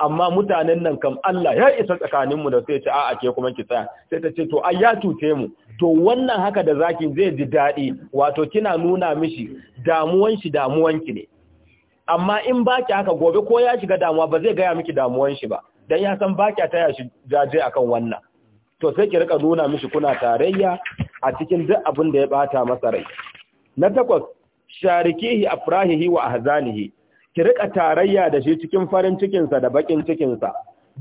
amma mutanen nan kam Allah ya isa tsakaninmu da sai ce a'a ke kuma ki tsaya sai ta ce to ai ya cuce mu to wannan haka da zaki zai ji daɗi wato kina nuna mishi damuwan shi damuwan ki ne amma in baki haka gobe ko ya shiga damuwa ba zai gaya miki damuwan shi ba dan ya san baki taya shi jaje akan wannan to sai ki rika nuna mishi kuna tarayya a cikin duk abin da ya bata masa rai na takwas sharikihi afrahihi wa ahzanihi ki rika tarayya da shi cikin farin cikinsa da bakin cikinsa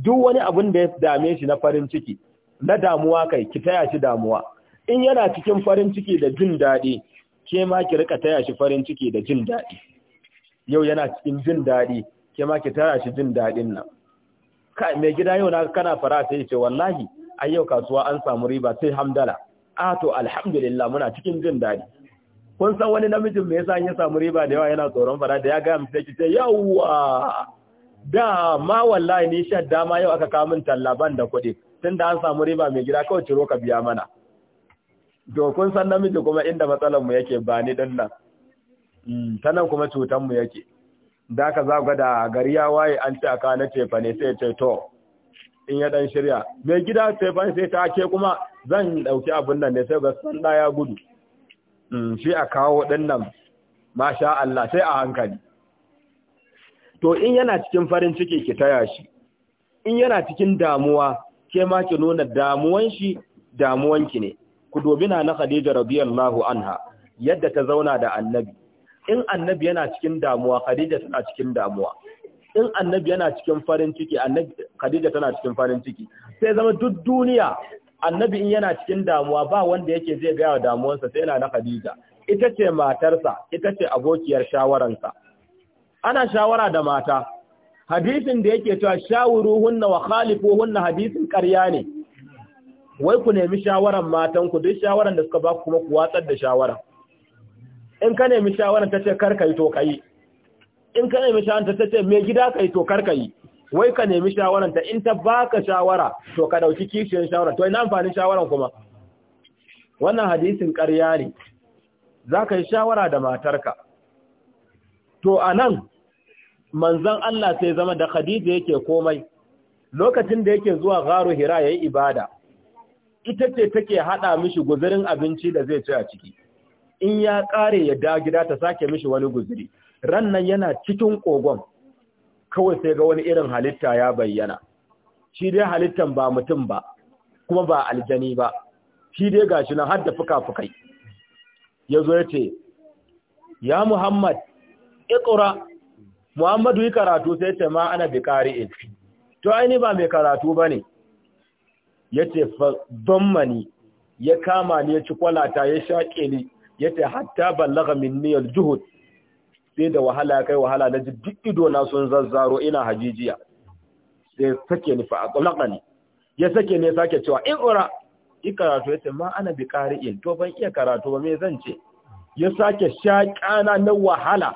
duk wani abin da ya dame shi na farin ciki na damuwa kai ki taya shi damuwa in yana cikin farin ciki da jin daɗi ke ma ki rika taya shi farin ciki da jin daɗi yau yana cikin jin daɗi ke ma ki taya shi jin daɗin nan kai mai gida yau na kana fara sai ce wallahi ai yau kasuwa an samu riba sai hamdala a to alhamdulillah muna cikin jin daɗi kun san wani namijin me yasa ya samu riba da yawa yana tsoron fara da ya ga mu sai kice yawa da ma wallahi ni da ma yau aka kawo min tallaban da kuɗi tunda an samu riba mai gida kawai ciro ka biya mana to kun san namiji kuma inda matsalar mu yake ba ni din nan mm, ta nan kuma cutan mu yake da ka za da gari ya waye an ce aka na tefa ne sai ce to in ya dan shirya mai gida tefa sai ta ke kuma zan dauki abun nan ne sai ga san ya gudu Mm, shi a kawo waɗannan masha Allah sai a hankali to in yana cikin farin ciki ki taya shi in yana cikin damuwa ke ma ki nuna damuwan shi damuwan ki ne ku dobina na Khadija radiyallahu anha yadda ta zauna da annabi in annabi yana cikin damuwa Khadija tana cikin damuwa in annabi yana cikin farin ciki annabi Khadija tana cikin farin ciki sai zama duk duniya annabi in yana cikin damuwa ba wanda yake zai gaya wa damuwarsa sai na na Khadija ita ce matarsa ita ce abokiyar shawaransa ana shawara da mata hadisin da yake cewa shawuruhunna wa khalifuhunna hadisin ƙarya ne wai ku nemi shawaran matan ku duk shawaran da suka ba ku kuma ku watsar da shawaran in ka nemi shawaran ta ce kar kai to kai in ka nemi shawaran ta ce me gida kai to kar kai wai ka nemi ta in ta baka shawara to ka dauki kishiyar shawara to ina amfanin shawaran kuma wannan hadisin ƙarya ne za ka yi shawara da matarka to a nan manzan Allah sai zama da Khadija yake komai lokacin da yake zuwa gharu hira yayi ibada ita ce take haɗa mishi guzurin abinci da zai ci a ciki in ya ƙare ya da gida ta sake mishi wani guzuri rannan yana cikin kogon kawai sai ga wani irin halitta ya bayyana shi dai halittan ba mutum ba kuma ba aljani ba shi dai gashi nan har da fuka-fukai ya zo ya ce ya muhammad ikura muhammadu yi karatu sai ta ma ana bi to aini ba mai karatu ba ne ya ce ya kama ni ya ci kwalata ya shaƙe ni ya ce hatta ballaga minniyar juhud sai da wahala kai wahala na ji duk idona sun zazzaro ina hajijiya sai sake ni fa atlaqani ya sake ne sake cewa in eh, ura i karatu yace ma ana bi qari'in to ban iya karatu ba me zan ce ya sake shaƙana na wahala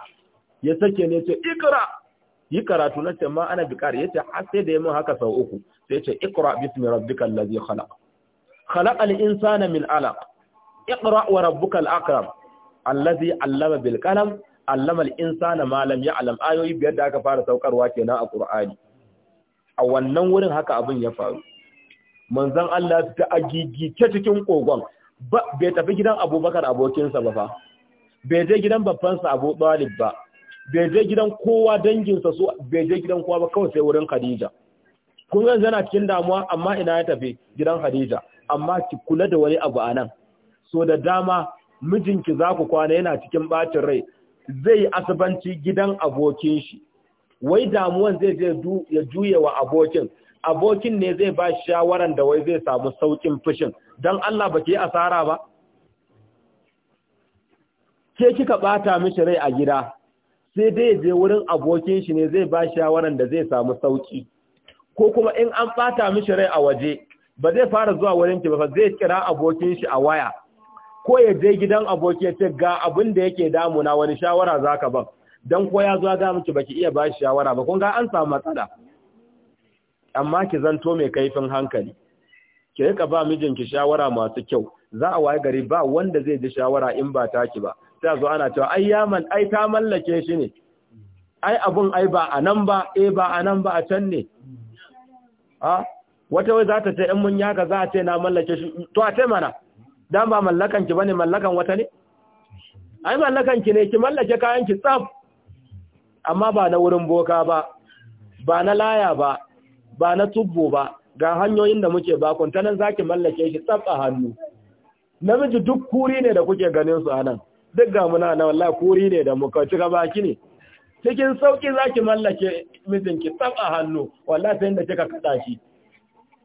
ya sake ne ce ikra yi karatu na ce ma ana bi qari yace har sai da yamin haka sau uku sai ce ikra bismi rabbikal ladhi khalaq khalaqal insana min alaq اقرأ وربك الأكرم الذي علم بالقلم allamal insana malam ya alam ayoyi biyar da aka fara saukarwa kenan a Qur'ani a wannan wurin haka abin ya faru manzon Allah ta agigice cikin kogon bai tafi gidan Abubakar abokinsa ba fa bai je gidan babbansa Abu Talib ba bai je gidan kowa danginsa su bai je gidan kowa ba kawai sai wurin Khadija kun ga yana cikin damuwa amma ina ya tafi gidan Khadija amma ki kula da wani abu anan so da dama mijinki za ku kwana yana cikin bacin rai zai yi asibanci gidan abokin shi wai damuwan zai je ya juye wa abokin abokin ne zai ba shawaran da wai zai samu saukin fushin don Allah ba ke asara ba ke kika ɓata mishi rai a gida sai dai je wurin abokin shi ne zai ba shawaran da zai samu sauki ko kuma in an ɓata mishi rai a waje ba zai fara zuwa wurin ki ba zai kira abokin shi a waya ko ya je gidan aboki ya ce ga abin da yake damuna wani shawara za ka ban don ko ya zo ga miki baki iya ba shi shawara ba kun ga an samu matsala amma ki zanto mai kaifin hankali ki rika ba mijinki shawara masu kyau za a waye gari ba wanda zai ji shawara in ba taki ba sai zo ana cewa ai yaman ai ta mallake shi ne ai abun ai ba a nan ba eh ba a nan ba a can ne a ah, wata wai za ta ce in mun yaka za a ce na mallake shi to a ce mana dan ba mallakan ki bane mallakan wata ne ai mallakan ki ne ki mallake kayan ki tsaf amma ba na wurin boka ba ba na laya ba ba na tubbo ba ga hanyoyin da muke ba za zaki mallake shi tsaf a hannu namiji duk kuri ne da kuke ganin su anan duk ga muna na wallahi kuri ne da muka cika baki ne cikin sauki zaki mallake mijinki tsaf a hannu wallahi sai da kika kada shi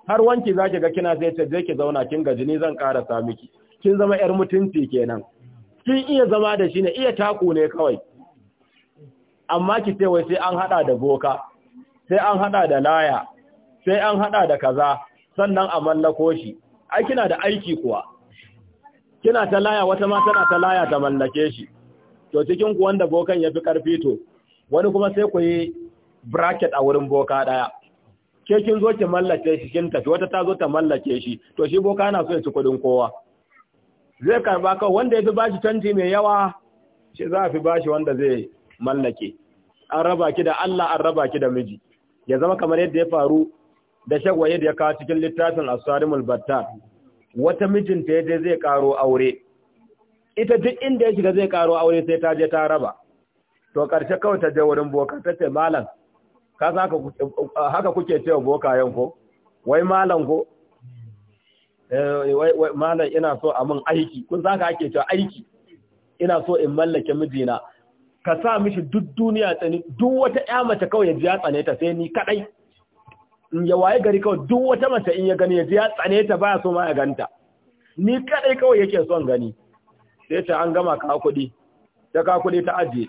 har wanki za ki ga kina sai ta je ki zauna kin gaji ni zan ƙara sa miki kin zama yar mutunci kenan kin iya zama da shi ne iya taku ne kawai amma ki ce wai sai an hada da boka sai an hada da laya sai an hada da kaza sannan a mallako shi ai kina da aiki kuwa kina ta laya wata ma tana ta laya ta mallake shi to cikin ku wanda bokan ya fi karfi to wani kuma sai ku yi bracket a wurin boka daya ke kin zo ki mallake shi kin tafi wata ta zo ta mallake shi to shi boka na so ya ci kudin kowa zai karba ka wanda ya fi bashi canji mai yawa shi za a fi bashi wanda zai mallake an raba ki da Allah an raba ki da miji ya zama kamar yadda ya faru da shagwa yadda ya kawo cikin littafin asarimul batta wata mijinta yadda zai karo aure ita duk inda ya shiga zai karo aure sai ta je ta raba to karshe kawai ta je wurin boka ta ce malam ka san haka kuke cewa yan ko wai malam ko eh, malam ina so a min aiki kun san ka ake cewa aiki ina so in mallake mijina ka sa mishi duk duniya tsani duk wata ƴa mace kawai ya ji ya tsane ta sai ni kadai in ya waye gari kawai duk wata mace in ya gani ya ji ya tsane ta ba so ma ya ganta ni kadai kawai yake son gani sai ta an gama ka kuɗi ta ka kuɗi ta aje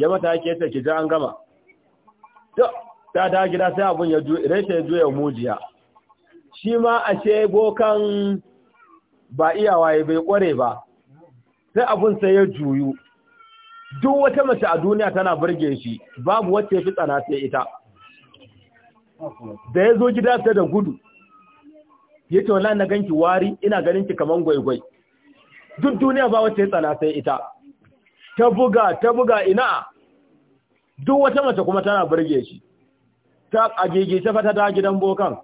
ya mata yake ta ki ji an gama ta ta gida sai abin ya rashin ya juya mujiya shi ma a ce bokan ba ya bai kware ba sai abin sai ya juyu duk wata mace a duniya tana burge shi babu wacce fi tsana sai ita da ya zo gida ta da gudu ya ce wallahi na ganki wari ina ganin ki kaman gwaigwai duk duniya ba wacce ya tsana sai ita ta buga ta buga ina duk wata mace kuma tana burge shi ta agege ta fata ta gidan bokan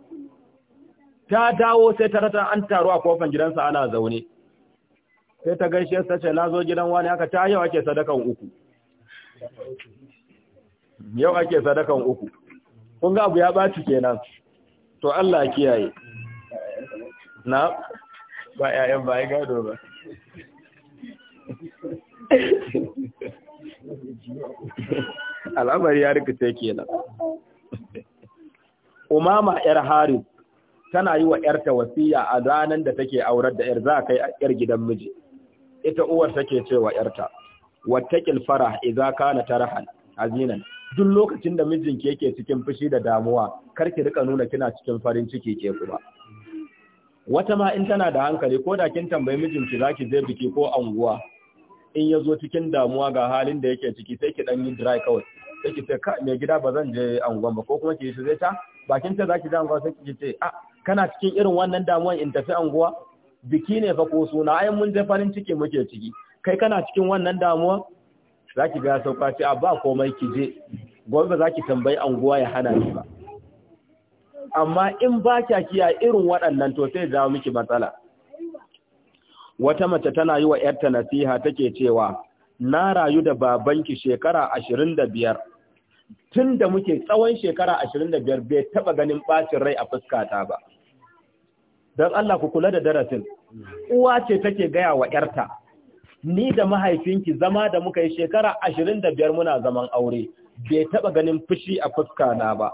ta dawo sai ta rata an taru a kofan gidansa ana zaune sai ta gaishe ta ce lazo gidan wani aka. ta yau ake sadakan uku yau ake sadakan uku kun ga abu ya baci kenan to Allah kiyaye na ba yayan ba ya gado ba Thank you. al'amari ya rikice kenan umama yar haris tana yi wa yarta wasiya a ranar da take aurar da yar za kai yar gidan miji ita uwar take cewa yarta wattaqil farah idza kana tarahan azinan duk lokacin da mijinki yake cikin fushi da damuwa kar ki rika nuna kina cikin farin ciki ke kuma wata ma in tana da hankali ko da kin tambayi mijinki zaki je biki ko anguwa in ya zo cikin damuwa ga halin da yake ciki sai ki dan yi dry kawai sai ki ce ka mai gida ba zan je anguwan ba ko kuma ki shi zai ta bakin ta zaki da anguwa sai ki ce a ah, kana cikin irin wannan damuwan in tafi anguwa biki ne fa ko suna ai mun je farin ciki muke ciki kai kana cikin wannan damuwa zaki ga sauka ce a ah, ba komai ki je gobe ba zaki tambayi anguwa ya hana ki ba amma in ba kiya irin waɗannan to sai jawo miki matsala wata mace tana yi wa ‘yarta nasiha take cewa, Na rayu da babanki shekara ashirin da biyar, tun da muke tsawon shekara ashirin da biyar bai taɓa ganin ɓacin rai a fuskata ba. Don Allah ku kula da darasin, uwa ce take gaya wa ‘yarta, ni da mahaifinki zama da muka yi shekara ashirin da biyar muna zaman aure, bai taɓa ganin fushi a fuskana ba,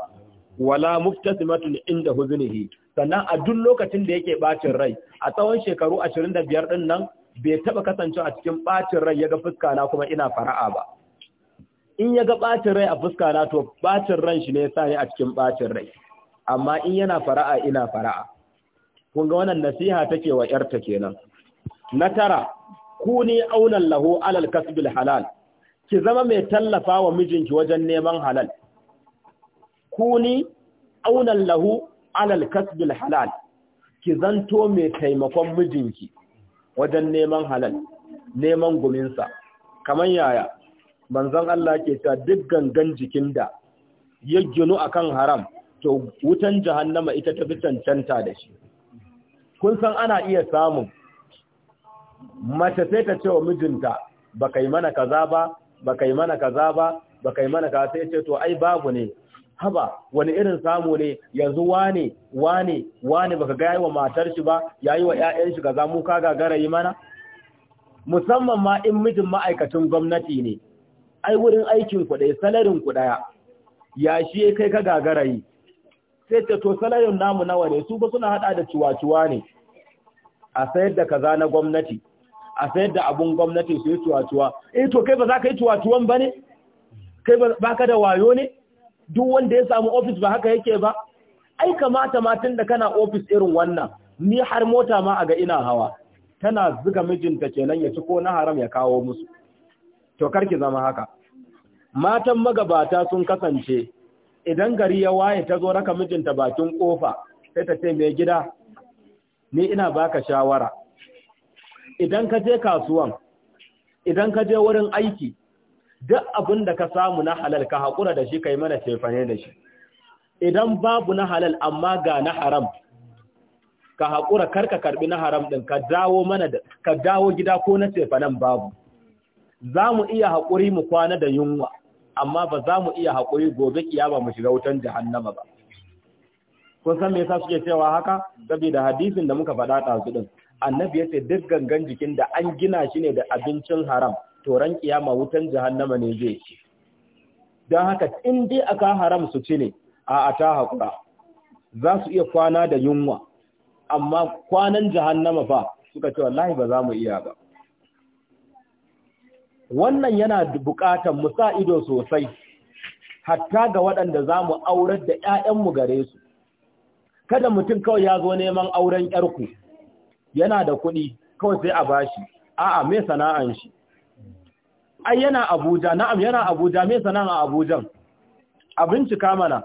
wala muftasimatun inda huzunihi. sannan a duk lokacin da yake bacin rai a tsawon shekaru 25 din nan bai taba kasance a cikin bacin rai yaga fuska na kuma ina fara'a ba in yaga bacin rai a fuska na to bacin ran shi ne yasa ni a cikin bacin rai amma in yana fara'a ina fara'a kun ga wannan nasiha take wa yarta kenan na tara kuni aunan lahu alal kasbil halal ki zama mai tallafa wa mijinki wajen neman halal kuni aunan lahu alal kasbil halal ki zanto mai taimakon mijinki wajen neman halal neman guminsa kamar yaya manzon Allah ke cewa duk gangan jikin da ya ginu kan haram to wutan jahannama ita ta fi cancanta da shi kun san ana iya samun mace sai ta ce wa mijinta ba kai mana kaza ba ba kai mana kaza ba ba kai mana kaza sai ce to ai babu ne haba wani irin samu ne yanzu wane wane wane baka ga wa matar shi ba yayi wa ƴaƴan shi kaza mu ka gagara yi mana musamman ma in mijin ma'aikacin gwamnati ne ai wurin aikin ku dai salarin ku daya ya shi kai ka gagara yi sai ta to salarin namu nawa ne su ba suna hada da ciwaciwa ne a sayar da kaza na gwamnati a sayar da abun gwamnati su yi ciwaciwa eh to kai ba za ka yi ciwaciwan ba ne kai ba ka da wayo ne duk wanda ya samu ofis ba haka yake ba ai kamata matan da kana ofis irin wannan ni har mota ma a ga ina hawa tana zuga mijinta kenan ya ci ko na haram ya kawo musu to kar ki zama haka matan magabata sun kasance idan gari ya waye ta zo raka mijinta bakin kofa sai ta ce mai gida ni ina baka shawara idan ka je kasuwan idan ka je wurin aiki duk abin da ka samu na halal ka haƙura da shi kai mana cefane da shi idan babu na halal amma ga na haram ka haƙura karka karɓi na haram ɗin ka dawo mana ka dawo gida ko na cefanen babu za mu iya haƙuri mu kwana da yunwa amma ba za mu iya haƙuri gobe kiyama mu shiga wutan jahannama ba kun san me yasa suke cewa haka saboda hadisin da muka faɗa ɗazu ɗin annabi ya duk gangan jikin da an gina shi ne da abincin haram toran kiyama wutan jahannama ne zai ci don haka in dai aka haram su ci ne a ta haƙura za su iya kwana da yunwa amma kwanan jahannama fa suka ce wallahi ba za mu iya ba wannan yana buƙatar mu sa ido sosai hatta ga waɗanda za mu aurar da ‘ya'yanmu gare su kada mutum kawai ya zo neman auren ‘yarku yana da kuɗi kawai sai a bashi a'a mai sana'an shi ai yana Abuja na'am yana Abuja me sanan a Abuja bincika mana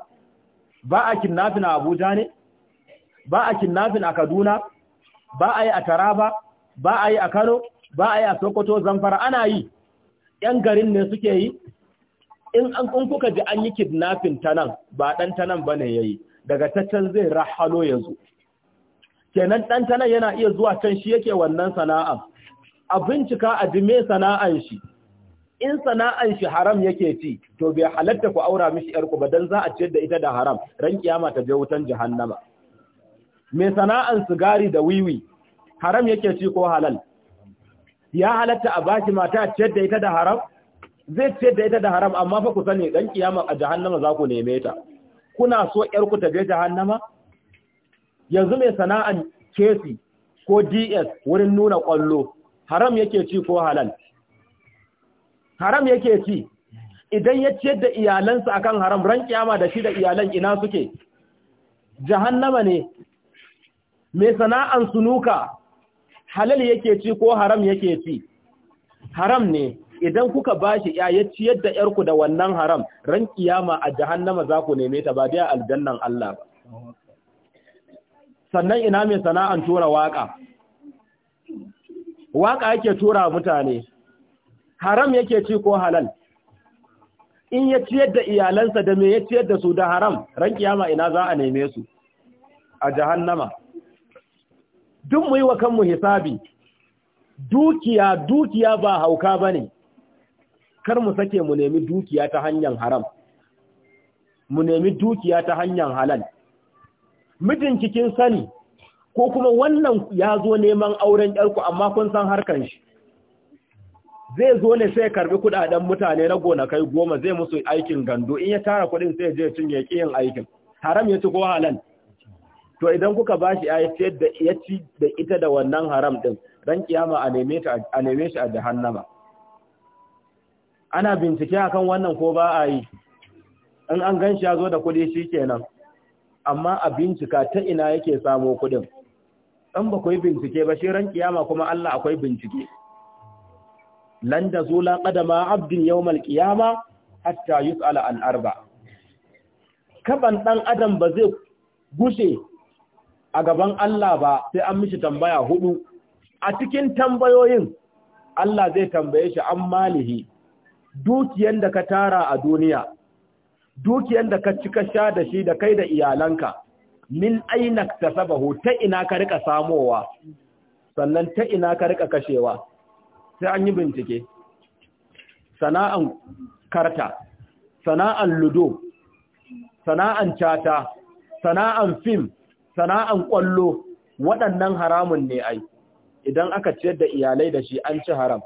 ba a kinnafin a Abuja ne ba a kinnafin a Kaduna ba a yi a Taraba ba a yi a Kano ba a yi a Sokoto Zamfara ana yi yan garin ne suke yi in an kun kuka ji an yi kidnapping ta nan ba dan ta nan bane yayi daga tattan zai rahalo yanzu kenan dan ta nan yana iya zuwa can shi yake wannan sana'a a bincika a ji me sana'an shi in sana'an shi haram yake ci to bai halatta ku aura mishi yarku ba dan za a ciyar da ita da haram ran kiyama ta je wutan jahannama mai sana'an sigari da wiwi haram yake ci ko halal ya halatta a baki mata ciyar da ita da haram zai ciyar da ita da haram amma fa ku sani dan kiyama a jahannama za ku neme ta kuna so yarku ta je jahannama yanzu mai sana'an kesi ko DS wurin nuna kwallo haram yake ci ko halal haram yake ci idan ya ci da iyalansa akan haram ran kiyama da shi da iyalan ina suke jahannama ne mai sana'an sunuka halal yake ci ko haram yake ci haram ne idan kuka bashi ya ciyar da yarku da wannan haram ran kiyama a jahannama za ku neme ta ba dai aljannan Allah ba sannan ina mai sana'an tura waka waka yake tura mutane haram yake ci ko halal in ya ciyar da iyalansa da me ya ciyar da su da haram ran kiyama ina za a neme su a jahannama duk mu yi wa kanmu hisabi dukiya dukiya ba hauka bane kar mu sake mu nemi dukiya ta hanyar haram mu nemi dukiya ta hanyar halal mijin cikin sani ko kuma wannan ya zo neman auren yarku amma kun san harkan shi zai zo ne sai karbi kudaden mutane na gonakai goma zai musu aikin gando in ya tara kudin sai je cin ya yin aikin haram ya ci ko halal to idan kuka bashi ya da ya ci da ita da wannan haram din ran kiyama a neme ta a neme shi a jahannama ana bincike akan wannan ko ba a yi in an ganshi ya zo da kudi shikenan amma a bincika ta ina yake samo kudin dan ba ku yi bincike ba shi ran kiyama kuma Allah akwai bincike lan da zula qadama abdin yawmal qiyama hatta yus'ala an arba kaban dan adam ba zai gushe a gaban Allah ba sai an mishi tambaya hudu a cikin tambayoyin Allah zai tambaye shi an malihi dukiyar da ka tara a duniya dukiyar da ka cika sha da shi da kai da iyalanka min aina tasabahu ta ina ka rika samowa sannan ta ina ka rika kashewa sai an yi bincike sana'an karta sana'an ludo sana'an cata sana'an fim sana'an kwallo waɗannan haramun ne ai idan aka ciyar da iyalai da shi an ci haram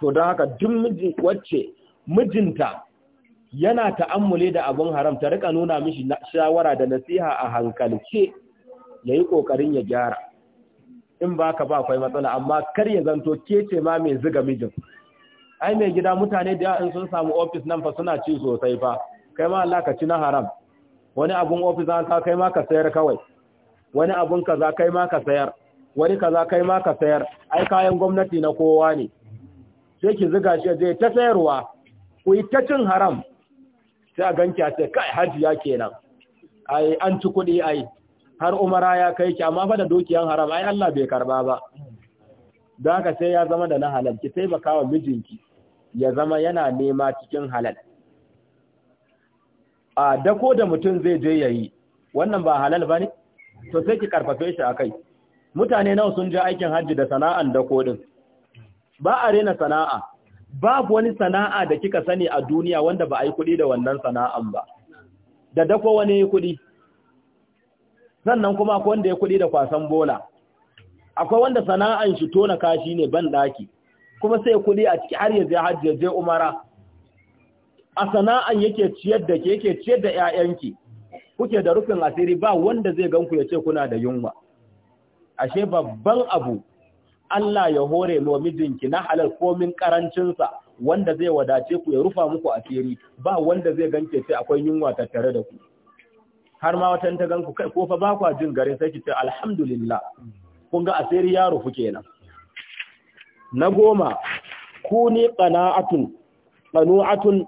to don haka duk wacce mijinta yana ta'ammule da abin haram ta rika nuna mishi shawara da nasiha a hankalce yayi yi ƙoƙarin ya gyara in ba ka ba akwai matsala amma kar ya zanto kece ma mai ziga mijin ai mai gida mutane da in sun samu ofis nan fa suna ci sosai fa kai ma Allah ka ci na haram wani abun ofis an ka kai ma ka sayar kawai wani abun kaza kai ma ka sayar wani kaza kai ma ka sayar ai kayan gwamnati na kowa ne sai ki ziga shi je ta sayarwa ku yi ta cin haram sai a ganki a ce kai hajiya kenan ai an ci kuɗi ai har umara ya kai ki amma fa da dukiyan haram ai Allah bai karba ba don haka sai ya zama da na halal ki taimaka wa mijinki ya zama yana nema cikin halal a dako da mutum zai je yayi wannan ba halal bane to sai ki karfafe shi akai mutane nawa sun je aikin hajji da sana'an dako din ba a rena sana'a babu wani sana'a da kika sani a duniya wanda ba a yi kuɗi da wannan sana'an ba da dako wani kuɗi sannan kuma akwai wanda ya kuɗi da kwasan bola akwai wanda sana'an shi tona kashi ne ban ɗaki kuma sai kuɗi a ciki har yanzu hajji je umara a sana'an yake ciyar da ke yake ciyar da ƴaƴanki kuke da rufin asiri ba wanda zai ganku ya ce kuna da yunwa ashe babban abu Allah ya hore mu mijinki na halal komin karancinsa wanda zai wadace ku ya rufa muku asiri ba wanda zai ganke ce akwai yunwa tattare da ku har ma watan ta ganku kai ko fa ba kwa jin garin sai ki ce alhamdulillah kun ga asiri yaro rufu kenan na goma ku ni qana'atun qanu'atun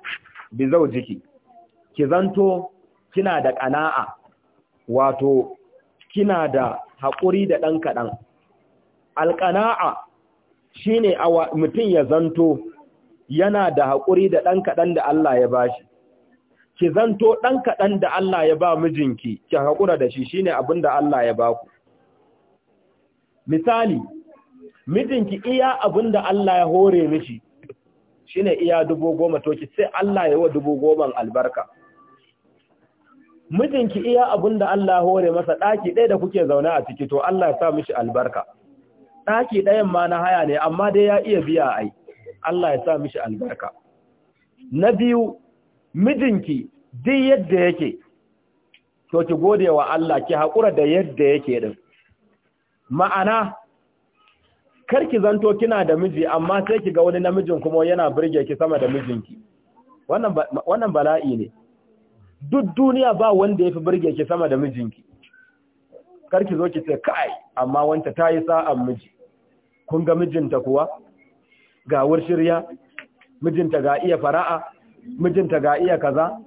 bi zawjiki ki zanto kina da qana'a wato kina da haƙuri da ɗan kaɗan alqana'a shine mutum ya zanto yana da haƙuri da ɗan kaɗan da Allah ya bashi ki zanto ɗan kaɗan da Allah ya ba mijinki, ki haƙura da shi shine abin da Allah ya ba ku. Misali, mijinki iya abin da Allah ya hore mishi, shine iya dubu goma to sai Allah ya wa dubu goman albarka. Mijinki iya abin da Allah ya hore masa ɗaki ɗaya da kuke zaune a ciki to Allah ya sa mishi albarka. Ɗaki ɗayan ma na haya ne, amma dai ya iya biya ai, Allah ya sa mishi albarka. Na biyu, mijinki duk yadda yake to ki gode wa Allah ki haƙura da yadda yake din ma'ana kar ki zanto kina da miji amma sai ki ga wani namijin kuma yana burge ki sama da mijinki wannan wannan bala'i ne duk duniya ba wanda yafi burge ki sama da mijinki kar ki zo ki ce kai amma wanta tayi sa'an miji kun ga mijinta kuwa ga wurshirya mijinta ga iya fara'a mijinta ga iya kaza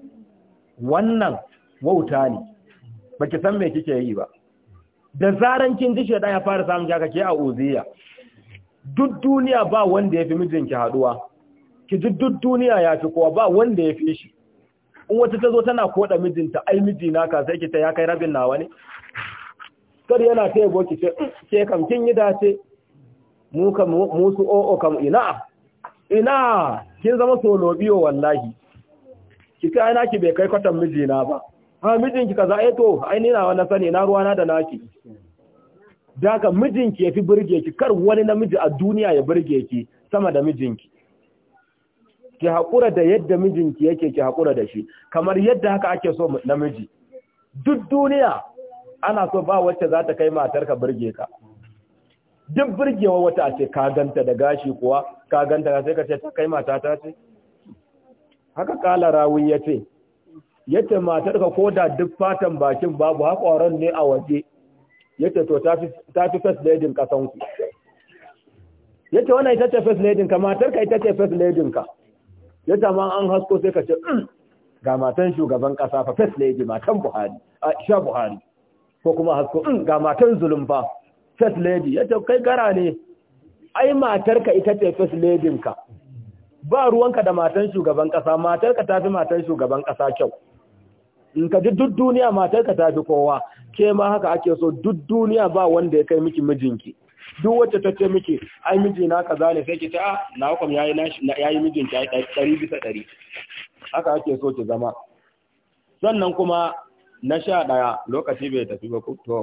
wannan wauta ne baki san me kike yi ba da zaran kin ji shedan ya fara samun jaka ke a uziya duk duniya ba wanda yafi mijinki haduwa ki ji duk duniya yafi kowa ba wanda yafi shi in wata tazo tana koda mijinta ai mijina ka sai ki ya kai rabin nawa ne kar yana ta goki ce mm, ke kam kin yi dace mu kam mu su o'o oh, oh, kam ina ina kin zama solo biyo wallahi ki kai ki bai kai kwatan mijina ba ha mijinki kaza eh to ai ni na wannan sani na ruwana da naki daga mijinki yafi burge ki kar wani namiji a duniya ya burge ki sama da mijinki ki hakura da yadda mijinki yake ki hakura da shi kamar yadda haka ake so namiji duk duniya ana so ba wacce za ta kai ka burge ka duk burgewa wata a ce ka ganta da gashi kuwa ka ganta sai ka ce ta kai mata ta ce haka kala rawi ya ce yace matar ka koda duk fatan bakin babu haƙoran ne a waje ce to ta fi first lady kasanku. Ya ce wannan ita ce first lady ka matar ka ita ce first lady ka yace ma an hasko sai ka ce mm, ga matan shugaban kasa fa first lady matan Buhari isha Buhari ko kuma hasko mm, ga matan zulumfa fa first lady ya ce kai gara ne ai matarka ita ce first lady ka ba ruwanka da matan shugaban kasa matarka tafi matan shugaban kasa kyau in ka ji duk duniya matarka tafi kowa ke ma haka ake so duk duniya ba wanda ya kai miki mijinki duk wacce ta ce miki ai miji na kaza ne sai ki ta ah, na hukum yayi yayi mijin ta ɗari bisa ɗari haka ake so ki zama sannan kuma na sha ɗaya lokaci bai tafi ba to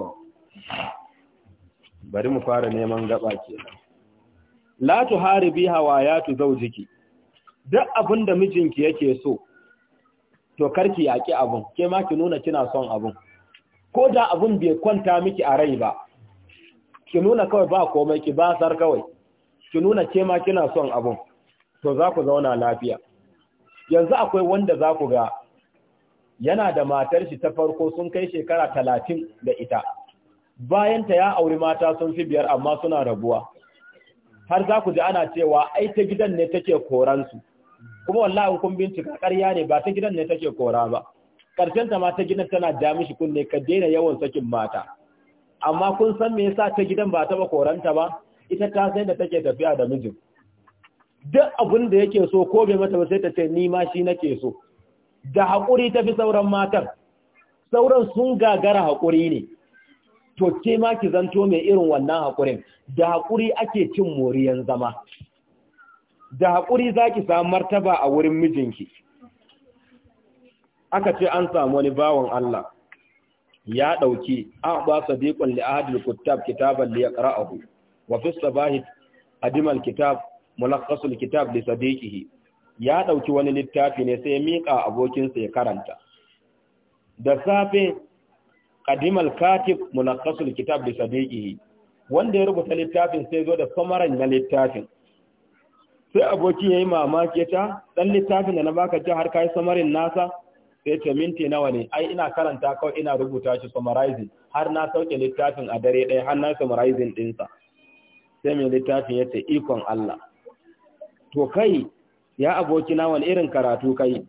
bari mu fara neman gaba kenan la tu haribi hawayatu zawjiki duk abin da mijinki yake so to karki yaki abun ke ma ki nuna kina son abun ko da abun bai kwanta miki a rai ba ki nuna kawai ba komai ki ba sar kawai ki nuna ke ma kina son abun to za ku zauna lafiya yanzu akwai wanda za ku ga yana da matar shi ta farko sun kai shekara talatin da ita bayanta ya auri mata sun fi biyar amma suna rabuwa har za ku ji ana cewa ai ta gidan ne take koransu kuma wallahi kun bincika ƙarya ne ba ta gidan ne take kora ba karshen ta ma ta gidan tana ja mishi kunne ka daina yawan sakin mata amma kun san me yasa ta gidan ba ta ba koranta ba ita ta sai da take tafiya da mijin duk abin da yake so ko bai mata ba sai ta ce ni ma shi nake so da haƙuri ta fi sauran matan sauran sun gagara haƙuri ne to ke ma ki zanto mai irin wannan haƙurin da haƙuri ake cin moriyan zama da haƙuri za ki samu martaba a wurin mijinki aka ce an samu wani bawan Allah ya ɗauki an ba sadiqun li ahadil kitaban li yaqra'ahu wa fi sabahi adimal kitab mulakhasul kitab li sadiqihi ya ɗauki wani littafi ne sai ya miƙa abokinsa ya karanta da safe qadimal katib mulakhasul kitab bi sadiqihi wanda ya rubuta littafin sai zo da samaran na littafin sai aboki yayi mamaki ta ah, dan littafin da na baka ji har kai samarin nasa sai ta minti nawa ne ai ina karanta kawai ina rubuta shi summarizing har na sauke littafin a dare ɗaya har na summarizing ɗinsa sai mai littafin ya ce ikon Allah to kai ya aboki na wani irin karatu kai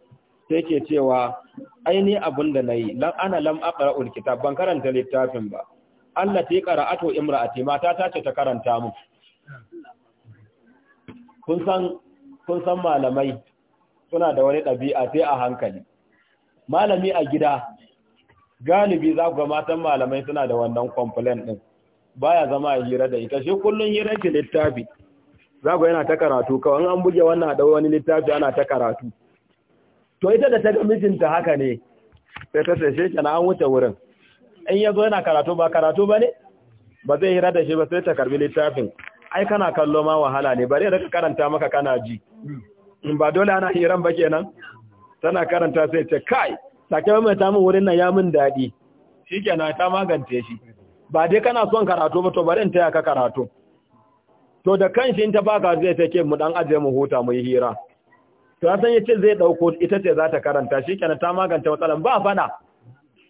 sai ke cewa aini abin da na yi ana lam aqra ul ban karanta littafin ba Allah ta yi qara'atu imra'ati mata ta ce ta karanta mu kun san kun malamai suna da wani ɗabi'a sai a hankali malami a gida galibi za ku ga matan malamai suna da wannan ɗin. din baya zama a hira da ita shi kullum hira ki littafi za ku yana ta karatu kawai an buge wannan a wani littafi ana ta karatu to ita da ta ga mijinta haka ne sai ta sai shekana an wuce wurin in ya zo yana karatu ba karatu ba ne ba zai hira da shi ba sai ta karbi littafin ai kana kallo ma wahala ne bare daga karanta maka kana ji in ba dole ana hiran ba kenan tana karanta sai ce kai sake mai ta min wurin nan ya min daɗi shikenan ta magance shi ba dai kana son karatu ba to bari in taya ka karatu to da kanshi in ta baka zai take mu dan aje mu huta mu yi hira to a san yace zai dauko ita ce za ta karanta shikenan ta magance matsalan ba faɗa,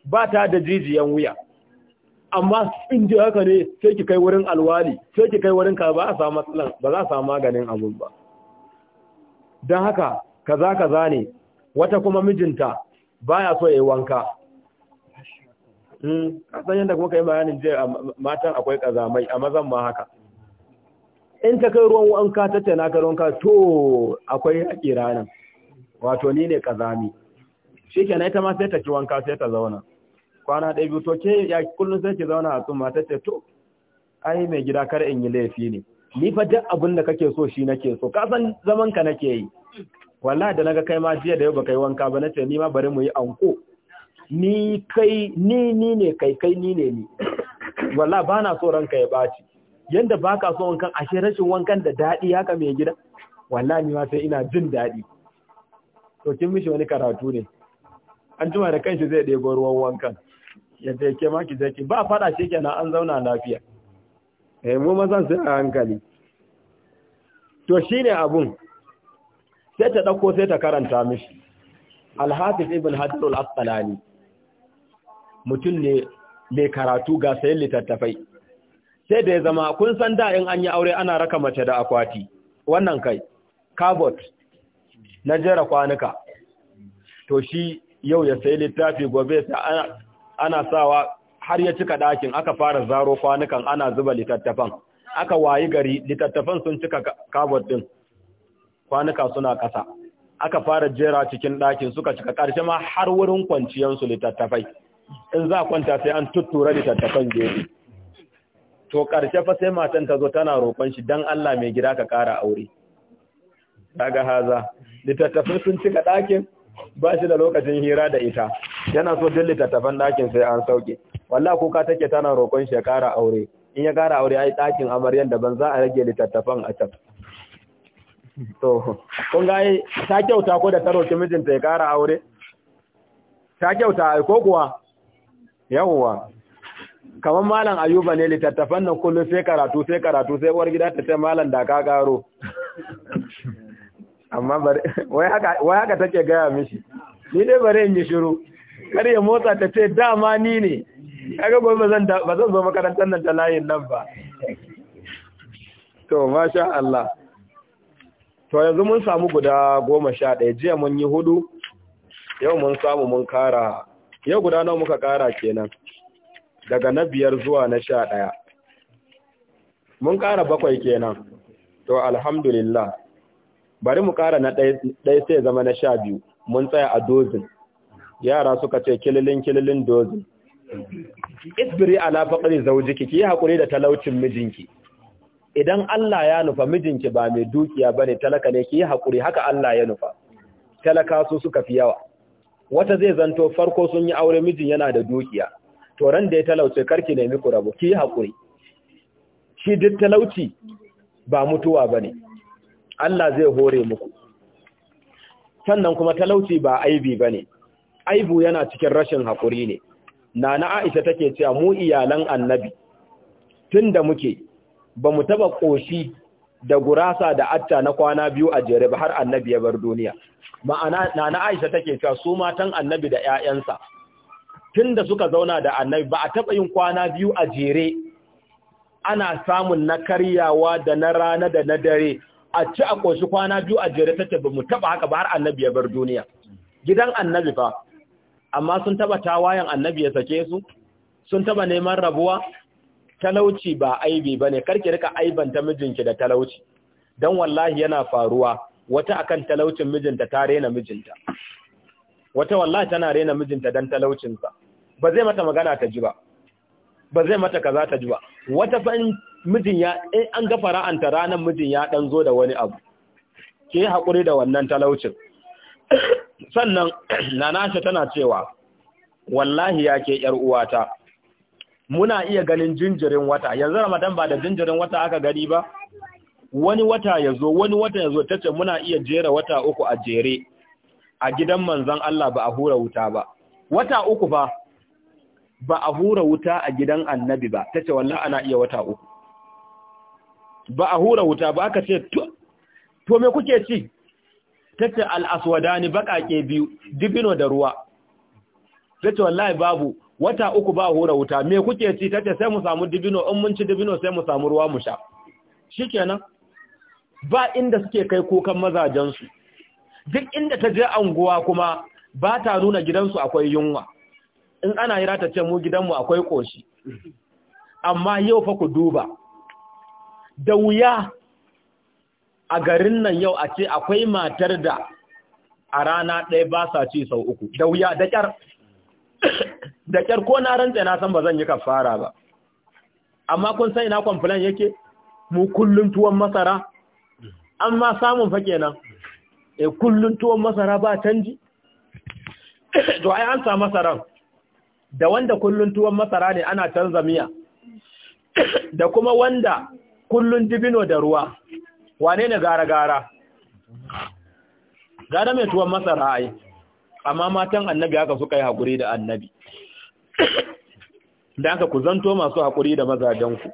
ba ta da jijiyan wuya amma in ji haka ne sai ki kai wurin alwali sai ki kai wurin ka ba a samu matsalan ba za a samu maganin abun ba don haka kaza kaza ne wata kuma mijinta baya so yayi wanka mm kasan yanda kuma kai bayanin je matan akwai kazamai a mazan ma haka in ta kai ruwan wanka tattana ka to akwai haƙi ranar wato ni ne ƙazami shi na ita ma sai ta ci wanka sai ta zauna kwana ɗaya biyu to ke ya kullum sai ki zauna a tsumma ta ce to ai mai gida kar in yi laifi ne ni fa duk abin da kake so shi nake so ka san zaman ka nake yi wallahi da naga kai ma jiya da yau baka yi wanka ba na ce ni ma bari mu yi anko ni kai ni ni ne kai kai ni ne ni wallahi bana so ranka ya baci yanda ba ka so wankan ashe rashin wankan da daɗi haka mai gida wallahi ma sai ina jin daɗi to kin mishi wani karatu ne an jima da kanshi zai ɗebo ruwan wankan ya ke maki zaki ba faɗa shi kenan an zauna lafiya eh mu mazan sai a hankali to shine abun sai ta ɗauko sai ta karanta mishi alhafiz ibn hajar al-asqalani mutum ne mai karatu ga sayan littattafai sai da ya zama kun san da in an yi aure ana raka mace da akwati wannan kai cabot na jera kwanuka to shi yau ya sai littafi gobe ta ana sawa har ya cika ɗakin aka fara zaro kwanukan ana zuba littattafan aka wayi gari littattafan sun cika kabot din kwanuka suna ƙasa aka fara jera cikin ɗakin suka cika ƙarshe ma har wurin kwanciyansu littattafai in za kwanta sai an tuttura littattafan gefe to ƙarshe fa sai matan ta zo tana roƙon shi dan Allah mai gida ka ƙara aure daga haza littattafin sun cika ɗakin ba shi da lokacin hira da ita yana so duk littattafan ɗakin sai an sauke wallahi kuka take tana roƙon shi ya ƙara aure in ya ƙara aure ai ɗakin amaryan daban za a rage littattafan a can to kun ga ta kyauta ko da ta roƙi mijinta ya ƙara aure ta kyauta ko kuwa yawwa kamar malam ayuba ne littattafan nan kullum sai karatu sai karatu sai uwar gida ta ce malam da ka karo amma bare wai haka take gaya mishi ni dai bare in yi shiru kar ya motsa ta ce dama ni ne kaga gobe ba ba zan zo makarantar nan ta layin nan ba to masha Allah to yanzu mun samu guda goma sha ɗaya jiya mun yi hudu yau mun samu mun kara yau guda nawa muka kara kenan daga na biyar zuwa na sha ɗaya mun ƙara bakwai kenan to alhamdulillah bari mu ƙara na ɗaya sai zama na sha biyu mun tsaya a dozin yara suka ce kililin kililin dozin isbiri ala faqri ki ki haƙuri da talaucin mijinki idan Allah ya nufa mijinki ba mai dukiya ne talaka ne ki haƙuri, haka Allah ya nufa talaka su suka fi yawa wata zai zanto farko sun yi aure mijin yana da dukiya to da ya talauce karki nemi ku rabu ki haƙuri. shi duk talauci ba mutuwa ba ne. Allah zai hore muku sannan kuma talauci ba aibi ba ne. aibu yana cikin rashin haƙuri ne na Aisha take cewa mu iyalan annabi Tun da muke ba mu taba ƙoshi da gurasa da atta na kwana biyu a jere ba har annabi ya bar duniya ma'ana na Aisha take cewa su matan annabi da 'ya'yansa. tun da suka zauna da annabi ba a taɓa yin kwana biyu a jere ana samun na karyawa da na rana da na dare a ci a ƙoshi kwana biyu a jere ta ba mu taɓa haka ba har annabi ya bar duniya gidan annabi fa amma sun taɓa tawayen annabi ya sake su sun taɓa neman rabuwa talauci ba aibi ba ne karki rika aiban ta mijinki da talauci don wallahi yana faruwa wata akan talaucin mijinta ta rena mijinta wata wallahi tana rena mijinta dan talaucinsa ba zai mata magana ta ji ba ba zai mata kaza ta ji ba wata fa in mijin ya eh an ga fara'anta ranar mijin ya dan zo da wani abu ke hakuri da wannan talaucin sannan nanasha tana cewa wallahi ya ke yar uwata muna iya ganin jinjirin wata yanzu ramadan ba da jinjirin wata aka gani ba wani wata ya zo wani wata ya zo ta ce muna iya jera wata uku a jere a gidan manzan Allah ba a hura wuta ba wata uku ba ba a hura wuta a gidan annabi ba ce wallahi ana iya wata uku ba a hura wuta ba aka ce to me kuke ci Ta tace al ni baƙaƙe biyu dibino da ruwa tace wallahi babu wata uku ba a hura wuta me kuke ci Ta ce sai mu samu dibino in mun ci dibino sai mu samu ruwa mu sha Shi kenan. ba inda suke kai kukan mazajensu. duk inda ta je anguwa kuma ba ta nuna gidansu akwai yunwa in ana yi ce mu gidanmu akwai ƙoshi amma yau fa ku duba da wuya a garin nan yau a ce akwai matar da a rana ɗaya ba sa ci sau uku da wuya da ƙyar da ƙyar ko na rantse na san ba zan yi kafara ba amma kun san ina kwamfilan yake mu kullum tuwon masara an ma samun fa kenan e kullun tuwon masara ba canji to ai an sa masaran da wanda kullun tuwon masara ne ana canza miya da kuma wanda kullun dibino da ruwa wane ne gara-gara gara mai tuwon masara ai amma matan annabi haka suka yi haƙuri da annabi da haka ku zanto masu haƙuri da mazajenku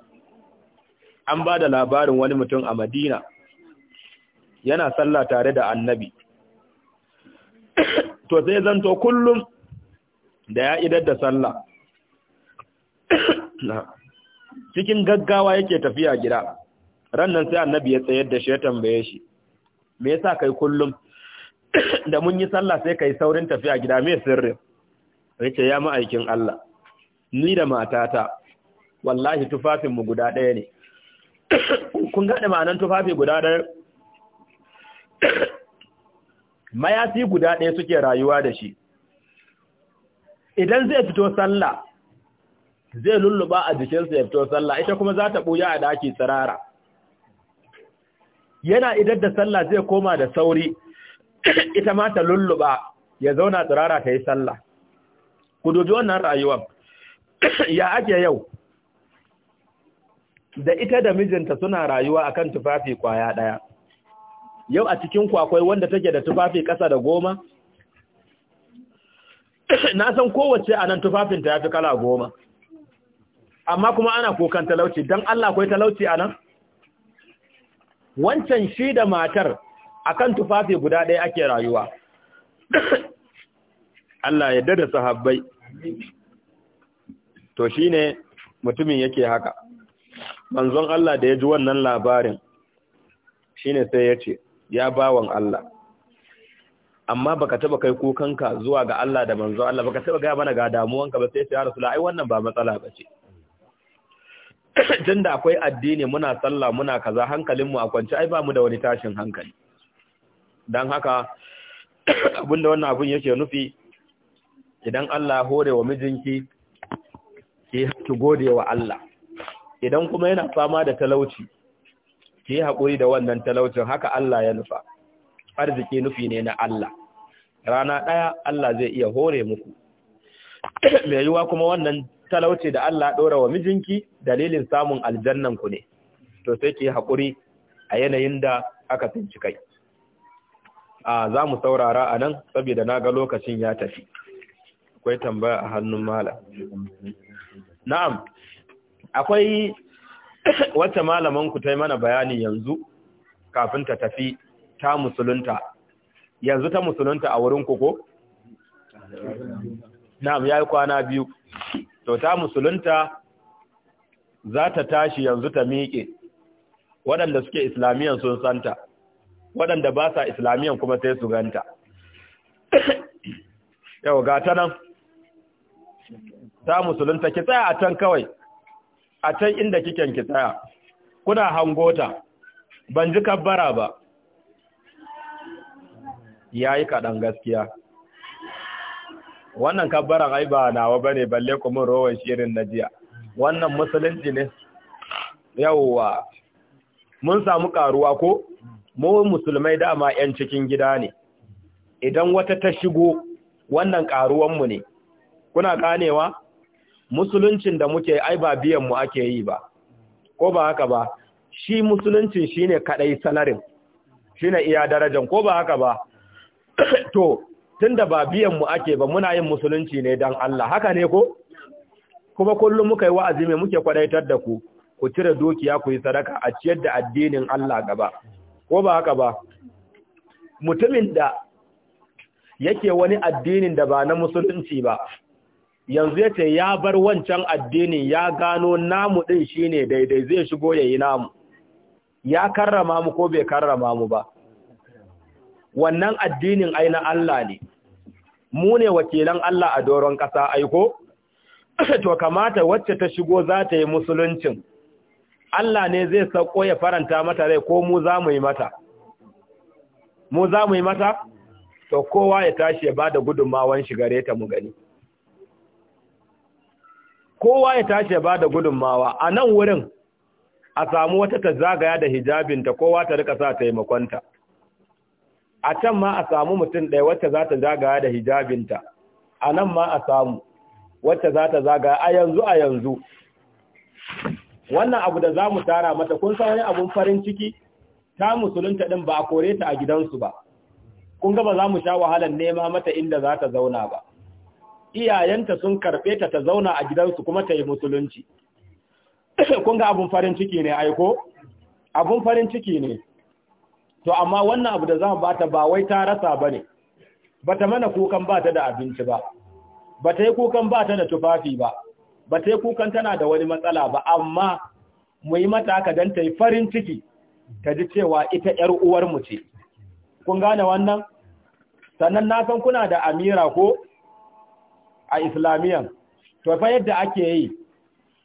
an ba da labarin wani mutum a madina yana sallah tare da annabi to sai zanto kullum da ya idar da sallah cikin gaggawa yake tafiya gida rannan sai annabi ya tsayar da shi ya tambaye shi me yasa kai kullum da mun yi sallah sai kai saurin tafiya gida me sirri yace ya ma'aikin Allah ni da matata wallahi tufafin mu guda ɗaya ne kun ga da ma'anan tufafi guda ɗaya mayafi guda ɗaya suke rayuwa da shi idan zai fito sallah zai lulluba a jikinsa ya fito sallah ita kuma za ta ɓuya a daki tsirara yana idan da sallah zai koma da sauri ita ma ta lulluba ya zauna tsirara ta yi sallah ku dubi wannan rayuwar ya ake yau da ita da mijinta suna rayuwa akan tufafi kwaya ɗaya yau a cikin kwakwai wanda take da tufafi ƙasa da goma na san kowace a nan tufafinta ya fi kala goma amma kuma ana kokan talauci don Allah kai talauci a nan wancan shi da matar a kan tufafi guda ɗaya ake rayuwa Allah ya dada sahabbai to shi ne mutumin yake haka manzon Allah da ya ji wannan labarin shi ne sai ya ce ya bawan Allah amma baka taba kai kukanka zuwa ga Allah da manzo Allah baka taba ga mana ga damuwanka ba sai sai Rasulullah ai wannan ba matsala bace tunda akwai addini muna sallah muna kaza hankalin mu a kwance ai ba mu da wani tashin hankali dan haka abinda wannan abun yake nufi idan Allah hore wa mijinki ki gode wa Allah idan kuma yana fama da talauci ki yi haƙuri da wannan talaucin haka Allah ya nufa arziki nufi ne na Allah rana ɗaya Allah zai iya hore muku mai yiwuwa kuma wannan talauci da Allah ɗora wa mijinki dalilin samun aljannanku ne to sai ki yi haƙuri a yanayin da aka tsinci kai a za mu saurara a nan saboda na ga lokacin ya tafi akwai tambaya a hannun mala na'am akwai wacce malamanku ta yi mana bayani yanzu kafin ta tafi ta musulunta yanzu ta musulunta a wurin ko? na'am ya yi kwana biyu to ta musulunta za ta tashi yanzu ta miƙe waɗanda suke islamiyan sun santa waɗanda ba sa islamiyan kuma sai su ganta yau ga ta nan ta musulunta ki tsaya a can kawai a can inda kiken ki tsaya kuna hangota ban ji kabbara ba yayi kaɗan gaskiya wannan kabbaran ai ba nawa bane balle kuma rowan shirin na jiya wannan musulunci ne yawwa mun samu karuwa ko mu musulmai dama yan cikin gida ne idan wata ta shigo wannan mu ne kuna ganewa musuluncin da muke ai ba biyan mu ake yi ba ko ba haka ba shi musuluncin shine kadai salarin shine iya darajan ko ba haka ba to tunda ba biyan mu ake ba muna yin musulunci ne dan Allah haka ne ko kuma kullum muka yi wa'azi mai muke kwadaitar da ku ku cire dukiya ku yi sadaka a ciyar da addinin Allah gaba ko ba haka ba mutumin da yake wani addinin da ba na musulunci ba yanzu ya ce ya bar wancan addinin ya gano namu ɗin shi ne daidai zai shigo ya yi namu ya karrama mu ko bai karrama mu ba wannan addinin ai na Allah ne mu ne wakilan Allah a doron ƙasa aiko to kamata wacce ta shigo za ta yi musuluncin Allah ne zai sauko ya faranta mata rai ko mu za mu yi mata mu za mu yi mata to kowa ya tashi ya ba da gudunmawan shigare ta mu gani kowa ya tashi ya bada gudunmawa a nan wurin a samu wata ta zagaya da hijabinta kowa ta rika sa taimakonta a can ma a samu mutum ɗaya wacce za ta zagaya da hijabinta a nan ma a samu wacce za ta zagaya a yanzu a yanzu wannan abu da za mu tara mata kun san wani abun farin ciki ta musulunta ɗin ba a kore ta a gidansu ba kun ga ba za mu sha wahalar nema mata inda za ta zauna ba iyayenta sun karɓe ta ta zauna a gidansu kuma ta yi musulunci kun ga abin farin ciki ne aiko abun farin ciki ne to amma wannan abu da za mu bata ba wai ta rasa ba ne ba ta mana kukan ba ta da abinci ba ba ta yi kukan ba ta da tufafi ba ba ta yi kukan tana da wani matsala ba amma mu yi mata aka don ta yi farin ciki ta ji cewa ita ‘yar uwarmu ce kun gane wannan sannan na san kuna da amira ko a islamiyan to fa yadda ake yi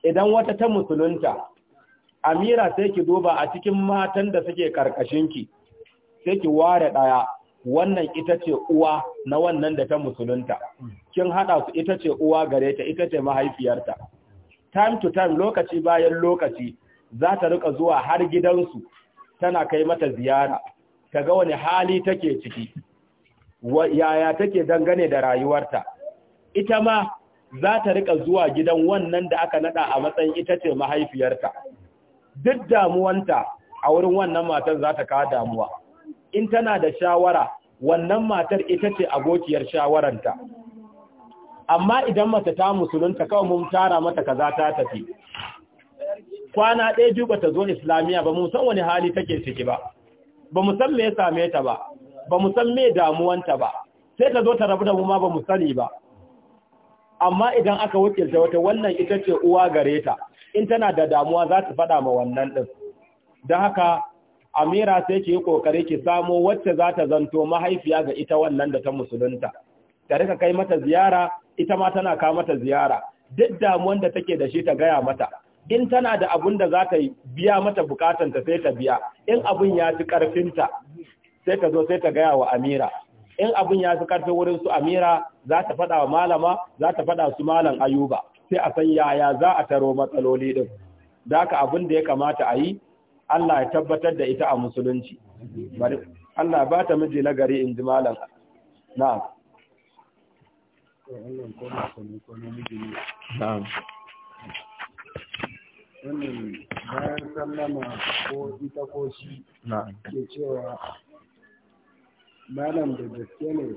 idan wata ta musulunta amira sai ki duba a cikin matan da suke ki, sai ki ware daya wannan ita ce uwa na wannan da ta musulunta kin hada su ita ce uwa gare ta ita ce mahaifiyarta time to time lokaci bayan lokaci za ta rika zuwa har gidansu tana kai mata ziyara ta ga wani hali take ciki yaya take dangane da rayuwarta ita ma za ta rika zuwa gidan wannan da aka nada a matsayin ita ce mahaifiyarta duk damuwanta a wurin wannan matar za ta kawo damuwa in tana da shawara wannan matar ita ce abokiyar shawaranta amma idan mace ta musulunta kawai mun tara mata kaza ta tafi kwana ɗaya ba ta zo islamiya ba mu san wani hali take ciki ba ba mu san me ya same ta ba ba mu san me damuwanta ba sai ta zo ta rabu da mu ma ba mu sani ba amma idan aka wakilta wata wannan ita ce uwa gare ta in tana da damuwa za ta faɗa ma wannan din. don haka amira sai ki yi kokare ki samo wacce za ta zanto mahaifiya ga ita wannan da ta musulunta ta rika kai mata ziyara ita ma tana ka mata ziyara duk damuwan da take da shi ta gaya mata in tana da abun da za ta biya mata bukatanta sai ta biya in abun ya ci karfinta sai ta zo sai ta gaya wa amira in abin ya fi karfe wurin su amira za ta fada wa malama za ta faɗa su malam ayuba sai a san yaya za a taro matsaloli din da ka abin da ya kamata a yi Allah ya tabbatar da ita a musulunci bari Allah ba ta miji nagari in ji malam na'am wannan bayan sallama ko ita ko shi ke cewa malam da gaske ne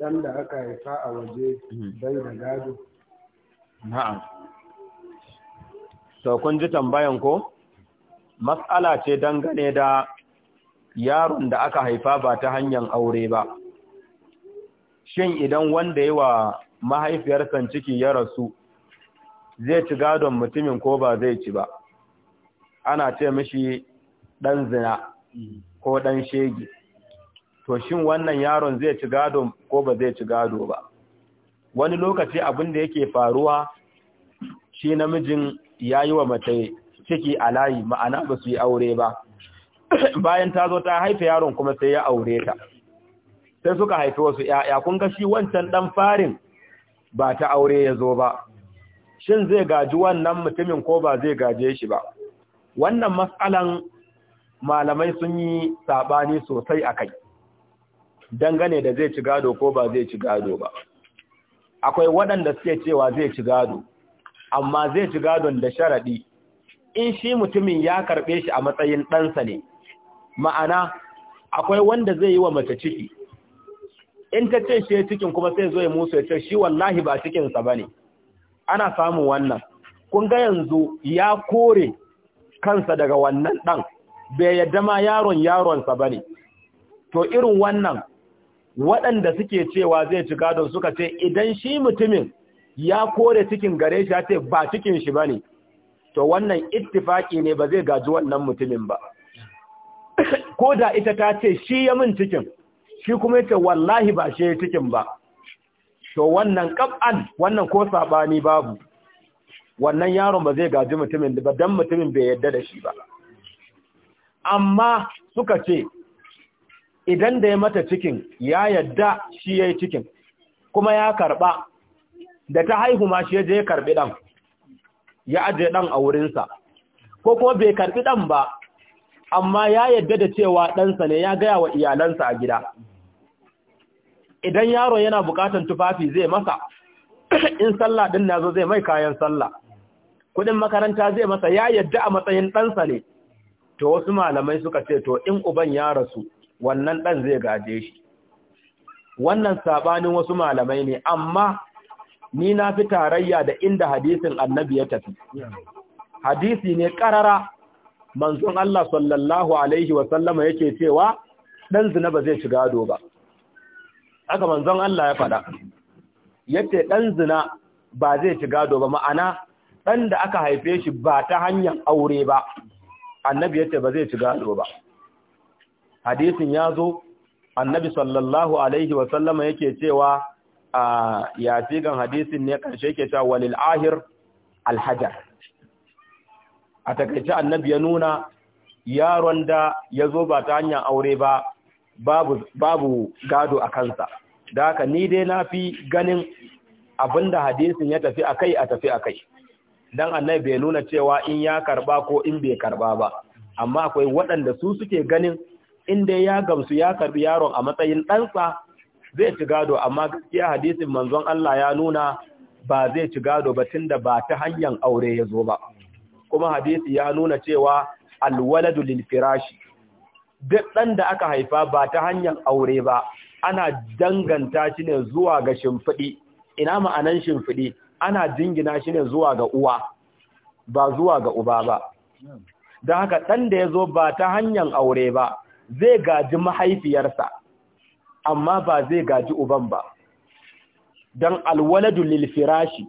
dan da aka haifa a waje mhm. bai da gado na'am to kun ji tambayan ko mas'ala ce dangane da yaron da aka haifa ba ta hanyar aure ba shin idan wanda yawa san ciki ya rasu zai ci gadon mutumin ko ba zai ci ba ana ce mishi dan zina mhm. ko dan shege to shin wannan yaron zai ci gado ko ba zai ci gado ba wani lokaci abin da yake faruwa shi namijin ya yi wa mace ciki a layi ma'ana ba su yi aure ba bayan ta zo ta haifa yaron kuma sai ya aure ta sai suka haifi wasu ‘ya'ya kun ga shi wancan dan farin ba ta aure ya zo ba shin zai gaji wannan mutumin ko ba zai gaje shi ba wannan matsalan malamai sun yi saɓani sosai a kai dangane da zai ci gado ko ba zai ci gado ba akwai waɗanda suke cewa zai ci gado amma zai ci gadon da sharaɗi in shi mutumin ya karɓe shi a matsayin ɗansa ne ma'ana akwai wanda zai yi wa mace ciki in ta ce shi cikin kuma sai zo ya musu ya ce shi wallahi ba cikinsa ba ne ana samun wannan kun ga yanzu ya kore kansa daga wannan ɗan bai yadda ma yaron yaronsa ba ne to irin wannan waɗanda suke cewa zai ci gadon suka ce idan shi mutumin ya kore cikin gare shi ya ce ba cikin shi ba ne to wannan ittifaki ne ba zai gaji wannan mutumin ba ko da ita ta ce shi ya min cikin shi kuma ce wallahi ba shi ya cikin ba to wannan ƙab'an wannan ko saɓani babu wannan yaron ba zai gaji mutumin ba don mutumin bai yadda da shi ba amma suka ce idan da ya mata cikin ya yadda shi ya yi cikin kuma ya karba da ta haihu ma shi ya je ya karbi ɗan ya ajiye ɗan a wurinsa ko kuma bai karbi ɗan ba amma ya yadda da cewa ɗansa ne ya gaya wa iyalansa a gida idan yaro yana bukatan tufafi zai masa in sallah ɗin na zo zai mai kayan sallah kudin makaranta zai masa ya yadda a matsayin ɗansa ne to wasu malamai suka ce to in uban ya rasu wannan ɗan zai gaje shi wannan sabanin wasu malamai ne amma ni na fi tarayya da inda hadisin annabi ya tafi hadisi ne ƙarara manzon Allah sallallahu alaihi wasallama yake cewa ɗan zina ba zai shiga do ba aka manzon Allah ya faɗa yace ɗan zina ba zai shiga do ba ma'ana ɗan da aka haife shi ba ta hanyar aure ba annabi yace ba zai shiga gado ba hadisin ya zo annabi sallallahu alaihi wasallama yake cewa a yasigan hadisin ne karshe yake cewa walil ahir alhajar a takaice annabi ya nuna yaron da ya zo ba ta hanyar aure ba babu gado a kansa da haka ni dai na fi ganin abinda hadisin ya tafi a kai a tafi a kai don annai bai nuna cewa in ya karba ko in bai karba ba amma akwai waɗanda su suke ganin In dai ya gamsu ya karbi yaron a matsayin ɗansa zai ci gado amma gaskiya hadisin manzon Allah ya nuna ba zai ci gado ba tunda ba ta hanyar aure ya zo ba kuma hadisi ya nuna cewa alwaladu lil firashi duk ɗan da aka haifa ba ta hanyar aure ba ana danganta shi ne zuwa ga shimfiɗi ina ma'anan shimfiɗi ana jingina shi ne zuwa ga uwa ba zuwa ga uba ba don haka ɗan da ya zo ba ta hanyar aure ba zai gaji mahaifiyarsa amma ba zai gaji uban ba don alwaladu lilfirashi firashi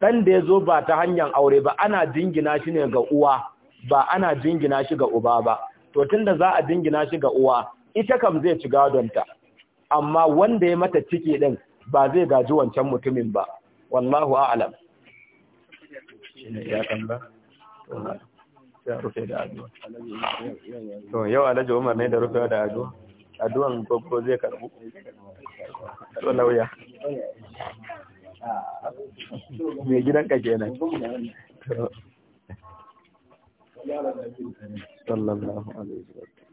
ɗan da ya zo ba ta hanyar aure ba ana jingina shi ne ga uwa ba ana jingina shi ga uba ba to tunda za a jingina shi ga uwa ita kam zai ci gadonta amma wanda ya mata ciki ɗin, ba zai gaji wancan mutumin ba wallahu a'lam ya kan ba sai rufe da addu'a to yau alhaji umar ne da rufewa da addu'a addu'an gogo zai karbu to lauya mai gidanka kenan sallallahu alaihi wasallam